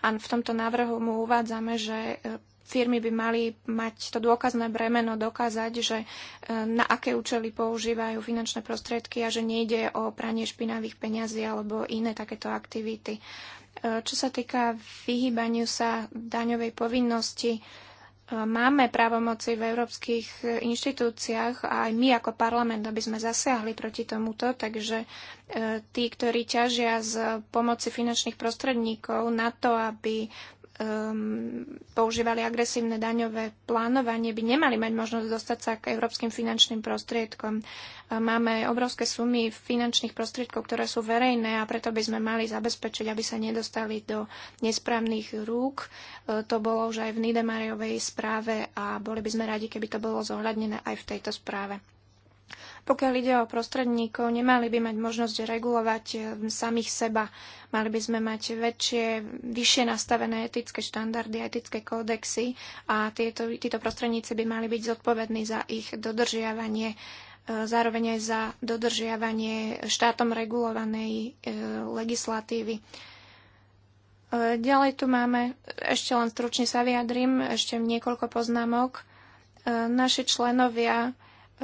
Speaker 3: a v tomto návrhu mu uvádzame, že firmy by mali mať to dôkazné bremeno, dokázať, že e, na aké účely používajú finančné prostriedky a že nejde o pranie špinavých peňazí alebo iné takéto aktivity. E, čo sa týka vyhýbaniu sa daňovej povinnosti, e, máme právomoci v európskych inštitúciách a aj my ako parlament, aby sme zasiahli proti tomuto, takže tí, ktorí ťažia z pomoci finančných prostredníkov na to, aby um, používali agresívne daňové plánovanie, by nemali mať možnosť dostať sa k európskym finančným prostriedkom. Máme obrovské sumy finančných prostriedkov, ktoré sú verejné a preto by sme mali zabezpečiť, aby sa nedostali do nesprávnych rúk. E, to bolo už aj v Nidemariovej správe a boli by sme radi, keby to bolo zohľadnené aj v tejto správe. Pokiaľ ide o prostredníkov, nemali by mať možnosť regulovať eh, samých seba. Mali by sme mať väčšie, vyššie nastavené etické štandardy, etické kódexy a tieto, títo prostredníci by mali byť zodpovední za ich dodržiavanie eh, zároveň aj za dodržiavanie štátom regulovanej eh, legislatívy. Ďalej tu máme, ešte len stručne sa vyjadrím, ešte niekoľko poznámok. Naši členovia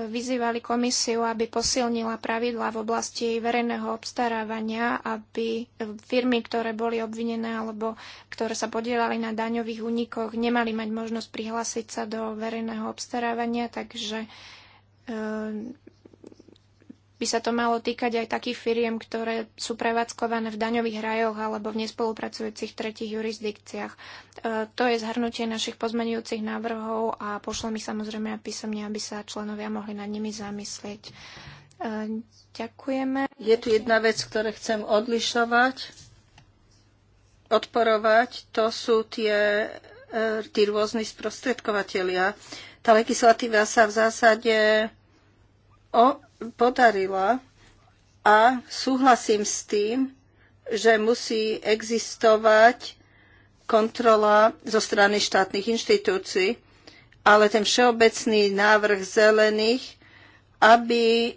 Speaker 3: vyzývali komisiu, aby posilnila pravidlá v oblasti verejného obstarávania, aby firmy, ktoré boli obvinené alebo ktoré sa podielali na daňových únikoch, nemali mať možnosť prihlásiť sa do verejného obstarávania, takže by sa to malo týkať aj takých firiem, ktoré sú prevádzkované v daňových rajoch alebo v nespolupracujúcich tretich jurisdikciách. E, to je zhrnutie našich pozmenujúcich návrhov a pošlo mi samozrejme písomne, aby sa členovia mohli nad nimi zamyslieť. E, ďakujeme. Je tu jedna vec, ktoré chcem odlišovať,
Speaker 1: odporovať. To sú tie, e, tí rôzni sprostredkovateľia. Tá legislatíva sa v zásade o, podarila a súhlasím s tým, že musí existovať kontrola zo strany štátnych inštitúcií, ale ten všeobecný návrh zelených, aby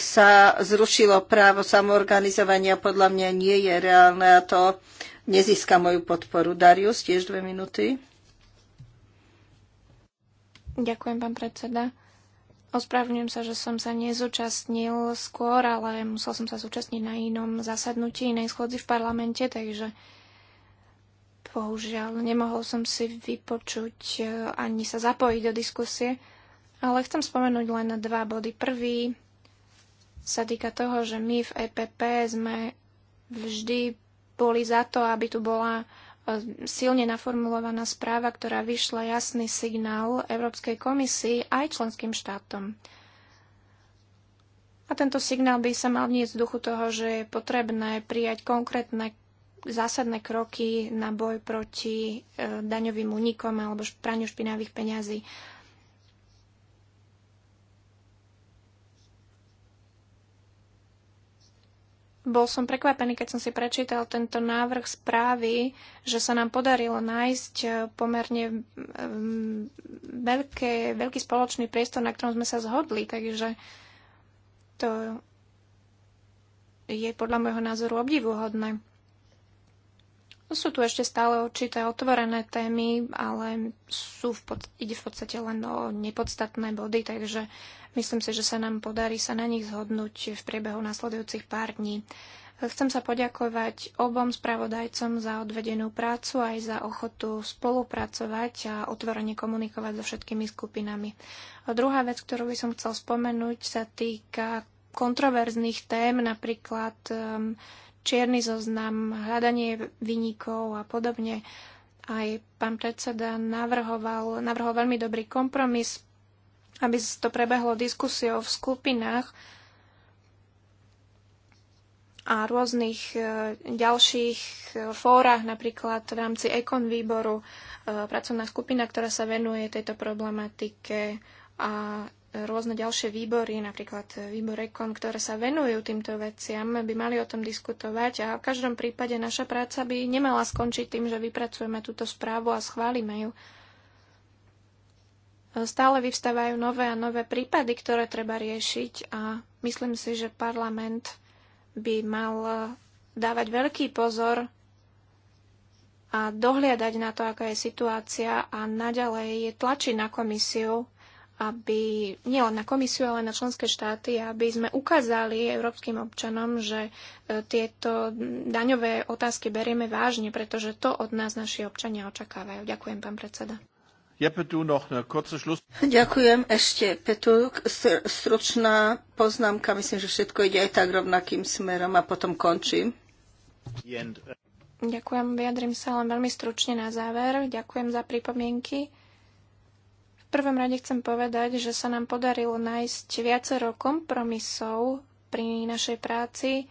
Speaker 1: sa zrušilo právo samoorganizovania, podľa mňa nie je reálne a to nezíska moju podporu. Darius, tiež dve minúty.
Speaker 3: Ďakujem, pán predseda. Ospravňujem sa, že som sa nezúčastnil skôr, ale musel som sa zúčastniť na inom zasadnutí, inej schôdzi v parlamente, takže bohužiaľ nemohol som si vypočuť e, ani sa zapojiť do diskusie. Ale chcem spomenúť len na dva body. Prvý sa týka toho, že my v EPP sme vždy boli za to, aby tu bola silne naformulovaná správa, ktorá vyšla jasný signál Európskej komisii aj členským štátom. A tento signál by sa mal vnieť z duchu toho, že je potrebné prijať konkrétne zásadné kroky na boj proti e, daňovým únikom alebo praniu špinavých peňazí. Bol som prekvapený, keď som si prečítal tento návrh správy, že sa nám podarilo nájsť eh, pomerne eh, veľké, veľký spoločný priestor, na ktorom sme sa zhodli, takže to je podľa môjho názoru obdivuhodné. Sú tu ešte stále určité otvorené témy, ale sú v pod, ide v podstate len o nepodstatné body, takže myslím si, že sa nám podarí sa na nich zhodnúť v priebehu nasledujúcich pár dní. Chcem sa poďakovať obom spravodajcom za odvedenú prácu aj za ochotu spolupracovať a otvorene komunikovať so všetkými skupinami. A druhá vec, ktorú by som chcel spomenúť, sa týka kontroverzných tém, napríklad um, čierny zoznam, hľadanie vynikov a podobne. Aj pán predseda navrhoval, navrhoval veľmi dobrý kompromis, aby to prebehlo diskusiou v skupinách a rôznych e, ďalších e, fórach, napríklad v rámci Ekon výboru, e, pracovná skupina, ktorá sa venuje tejto problematike a rôzne ďalšie výbory, napríklad výbor Ekon, ktoré sa venujú týmto veciam, by mali o tom diskutovať a v každom prípade naša práca by nemala skončiť tým, že vypracujeme túto správu a schválime ju. Stále vyvstávajú nové a nové prípady, ktoré treba riešiť a myslím si, že parlament by mal dávať veľký pozor a dohliadať na to, aká je situácia a naďalej tlačiť na komisiu, aby nielen na komisiu, ale na členské štáty, aby sme ukázali európskym občanom, že e, tieto daňové otázky berieme vážne, pretože to od nás naši občania očakávajú. Ďakujem, pán predseda. Ďakujem
Speaker 1: ešte, Petu. Stručná poznámka, myslím, že všetko ide aj tak rovnakým smerom a potom končím.
Speaker 3: Ďakujem, vyjadrím sa len veľmi stručne na záver. Ďakujem za pripomienky. V prvom rade chcem povedať, že sa nám podarilo nájsť viacero kompromisov pri našej práci.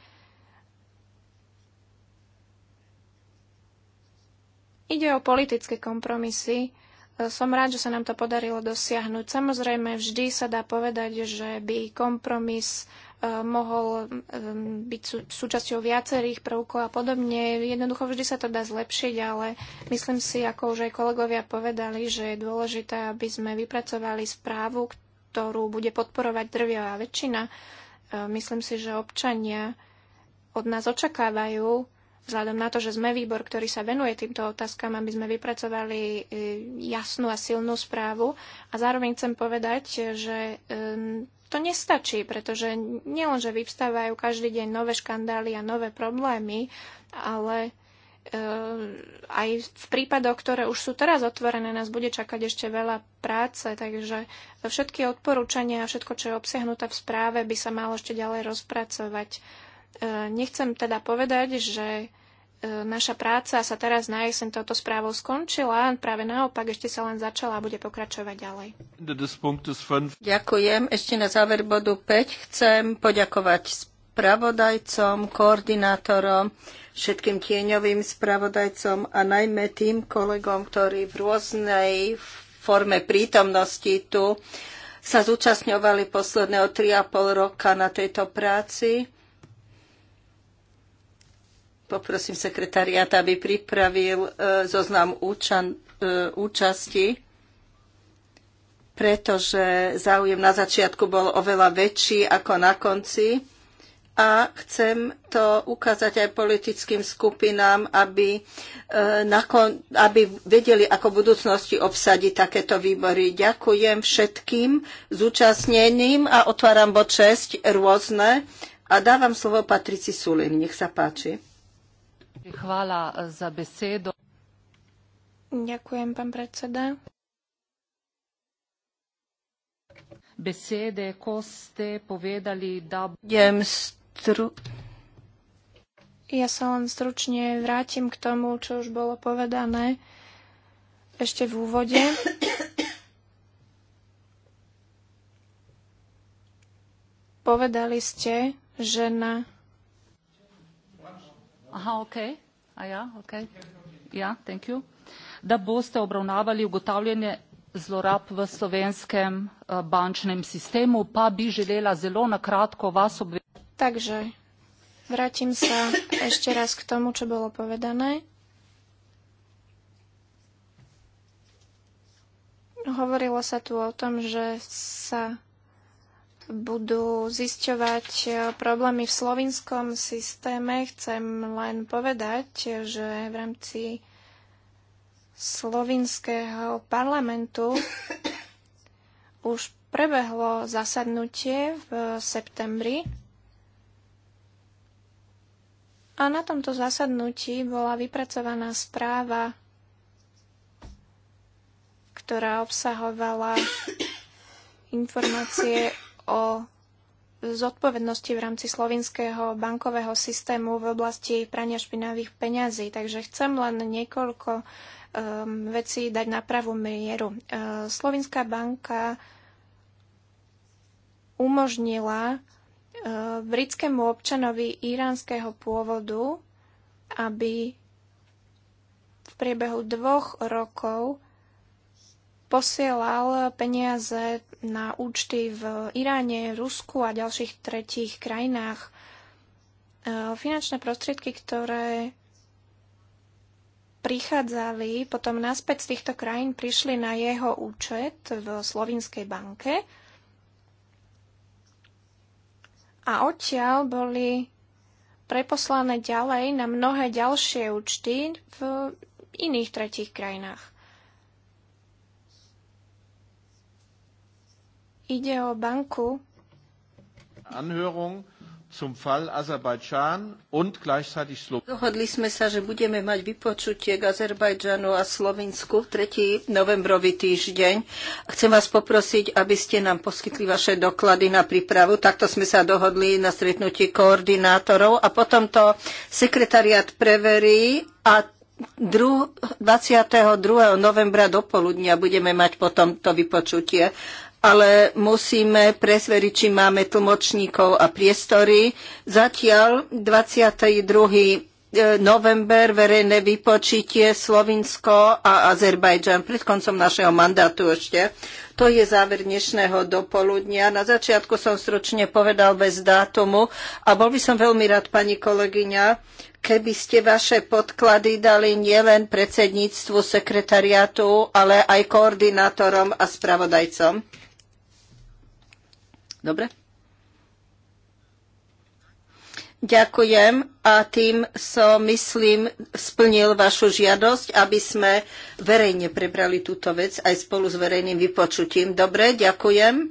Speaker 3: Ide o politické kompromisy. Som rád, že sa nám to podarilo dosiahnuť. Samozrejme, vždy sa dá povedať, že by kompromis mohol byť súčasťou viacerých prvkov a podobne. Jednoducho vždy sa to dá zlepšiť, ale myslím si, ako už aj kolegovia povedali, že je dôležité, aby sme vypracovali správu, ktorú bude podporovať drvia väčšina. Myslím si, že občania od nás očakávajú, vzhľadom na to, že sme výbor, ktorý sa venuje týmto otázkam, aby sme vypracovali e, jasnú a silnú správu. A zároveň chcem povedať, že to nestačí, pretože nielenže vyvstávajú každý deň nové škandály a nové problémy, ale e, aj v prípadoch, ktoré už sú teraz otvorené, nás bude čakať ešte veľa práce, takže všetky odporúčania a všetko, čo je obsiahnuté v správe, by sa malo ešte ďalej rozpracovať. E, nechcem teda povedať, že E, naša práca sa teraz na jeseň toto správou skončila, práve naopak ešte sa len začala a bude pokračovať ďalej.
Speaker 1: Ďakujem. Ešte na záver bodu 5 chcem poďakovať spravodajcom, koordinátorom, všetkým tieňovým spravodajcom a najmä tým kolegom, ktorí v rôznej forme prítomnosti tu sa zúčastňovali posledného 3,5 roka na tejto práci Poprosím sekretariát, aby pripravil e, zoznam účan, e, účasti, pretože záujem na začiatku bol oveľa väčší ako na konci. A chcem to ukázať aj politickým skupinám, aby, e, aby vedeli, ako v budúcnosti obsadiť takéto výbory. Ďakujem všetkým zúčastneným a otváram bod 6 rôzne a dávam slovo Patrici Sulin. Nech sa páči.
Speaker 3: Hvala eh, za besedo. Ďakujem, pán predseda. Besede, ko ste
Speaker 1: povedali, da...
Speaker 3: Jem stru... Ja sa len stručne vrátim k tomu, čo už bolo povedané ešte v úvode. Povedali ste, že na Aha, ok.
Speaker 2: A ja, ok. Ja, thank you. Da boste obravnavali ugotavljanje zlorab v slovenskem eh, bančnem sistemu, pa bi želela zelo
Speaker 1: nakratko vas obvestiť.
Speaker 3: Takže vrátim sa ešte raz k tomu, čo bolo povedané. Hovorilo sa tu o tom, že sa budú zisťovať e, problémy v slovinskom systéme. Chcem len povedať, že v rámci slovinského parlamentu už prebehlo zasadnutie v septembri a na tomto zasadnutí bola vypracovaná správa, ktorá obsahovala informácie o zodpovednosti v rámci slovinského bankového systému v oblasti prania špinavých peňazí. Takže chcem len niekoľko um, vecí dať na pravú mieru. Uh, Slovinská banka umožnila uh, britskému občanovi iránskeho pôvodu, aby v priebehu dvoch rokov posielal peniaze na účty v Iráne, Rusku a ďalších tretích krajinách. E, finančné prostriedky, ktoré prichádzali potom naspäť z týchto krajín, prišli na jeho účet v Slovinskej banke a odtiaľ boli preposlané ďalej na mnohé ďalšie účty v iných tretích krajinách. Ide o banku.
Speaker 1: Anhörung zum Fall Aserbaidschan und gleichzeitig Slovensko. Dohodli sme sa, že budeme mať vypočutie k Azerbajdžanu a Slovensku 3. novembrový týždeň. Chcem vás poprosiť, aby ste nám poskytli vaše doklady na prípravu. Takto sme sa dohodli na stretnutí koordinátorov a potom to sekretariat preverí a 22. novembra do poludnia budeme mať potom to vypočutie ale musíme presveriť, či máme tlmočníkov a priestory. Zatiaľ 22. E, november verejné vypočitie Slovinsko a Azerbajdžan pred koncom našeho mandátu ešte. To je záver dnešného dopoludnia. Na začiatku som stručne povedal bez dátumu a bol by som veľmi rád, pani kolegyňa, keby ste vaše podklady dali nielen predsedníctvu sekretariátu, ale aj koordinátorom a spravodajcom. Dobre? Ďakujem a tým som, myslím, splnil vašu žiadosť, aby sme verejne prebrali túto vec aj spolu s verejným vypočutím. Dobre, ďakujem.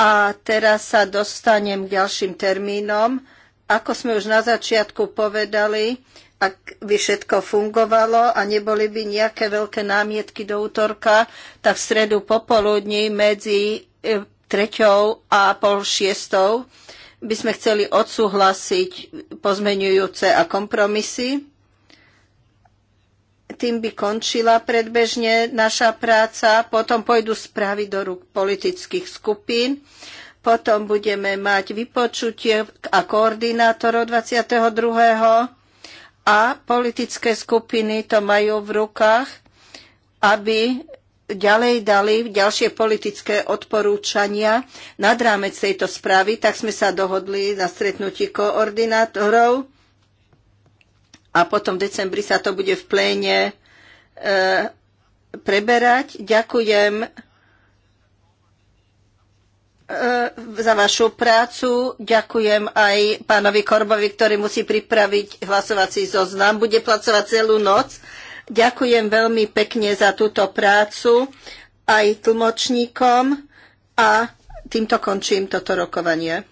Speaker 1: A teraz sa dostanem k ďalším termínom. Ako sme už na začiatku povedali, ak by všetko fungovalo a neboli by nejaké veľké námietky do útorka, tak v stredu popoludní medzi e, treťou a pol šiestou by sme chceli odsúhlasiť pozmenujúce a kompromisy. Tým by končila predbežne naša práca, potom pôjdu správy do rúk politických skupín, potom budeme mať vypočutie a koordinátorov 22. a politické skupiny to majú v rukách, aby ďalej dali ďalšie politické odporúčania nad rámec tejto správy, tak sme sa dohodli na stretnutí koordinátorov a potom v decembri sa to bude v pléne e, preberať. Ďakujem e, za vašu prácu. Ďakujem aj pánovi Korbovi, ktorý musí pripraviť hlasovací zoznam. Bude placovať celú noc Ďakujem veľmi pekne za túto prácu aj tlmočníkom a týmto končím toto rokovanie.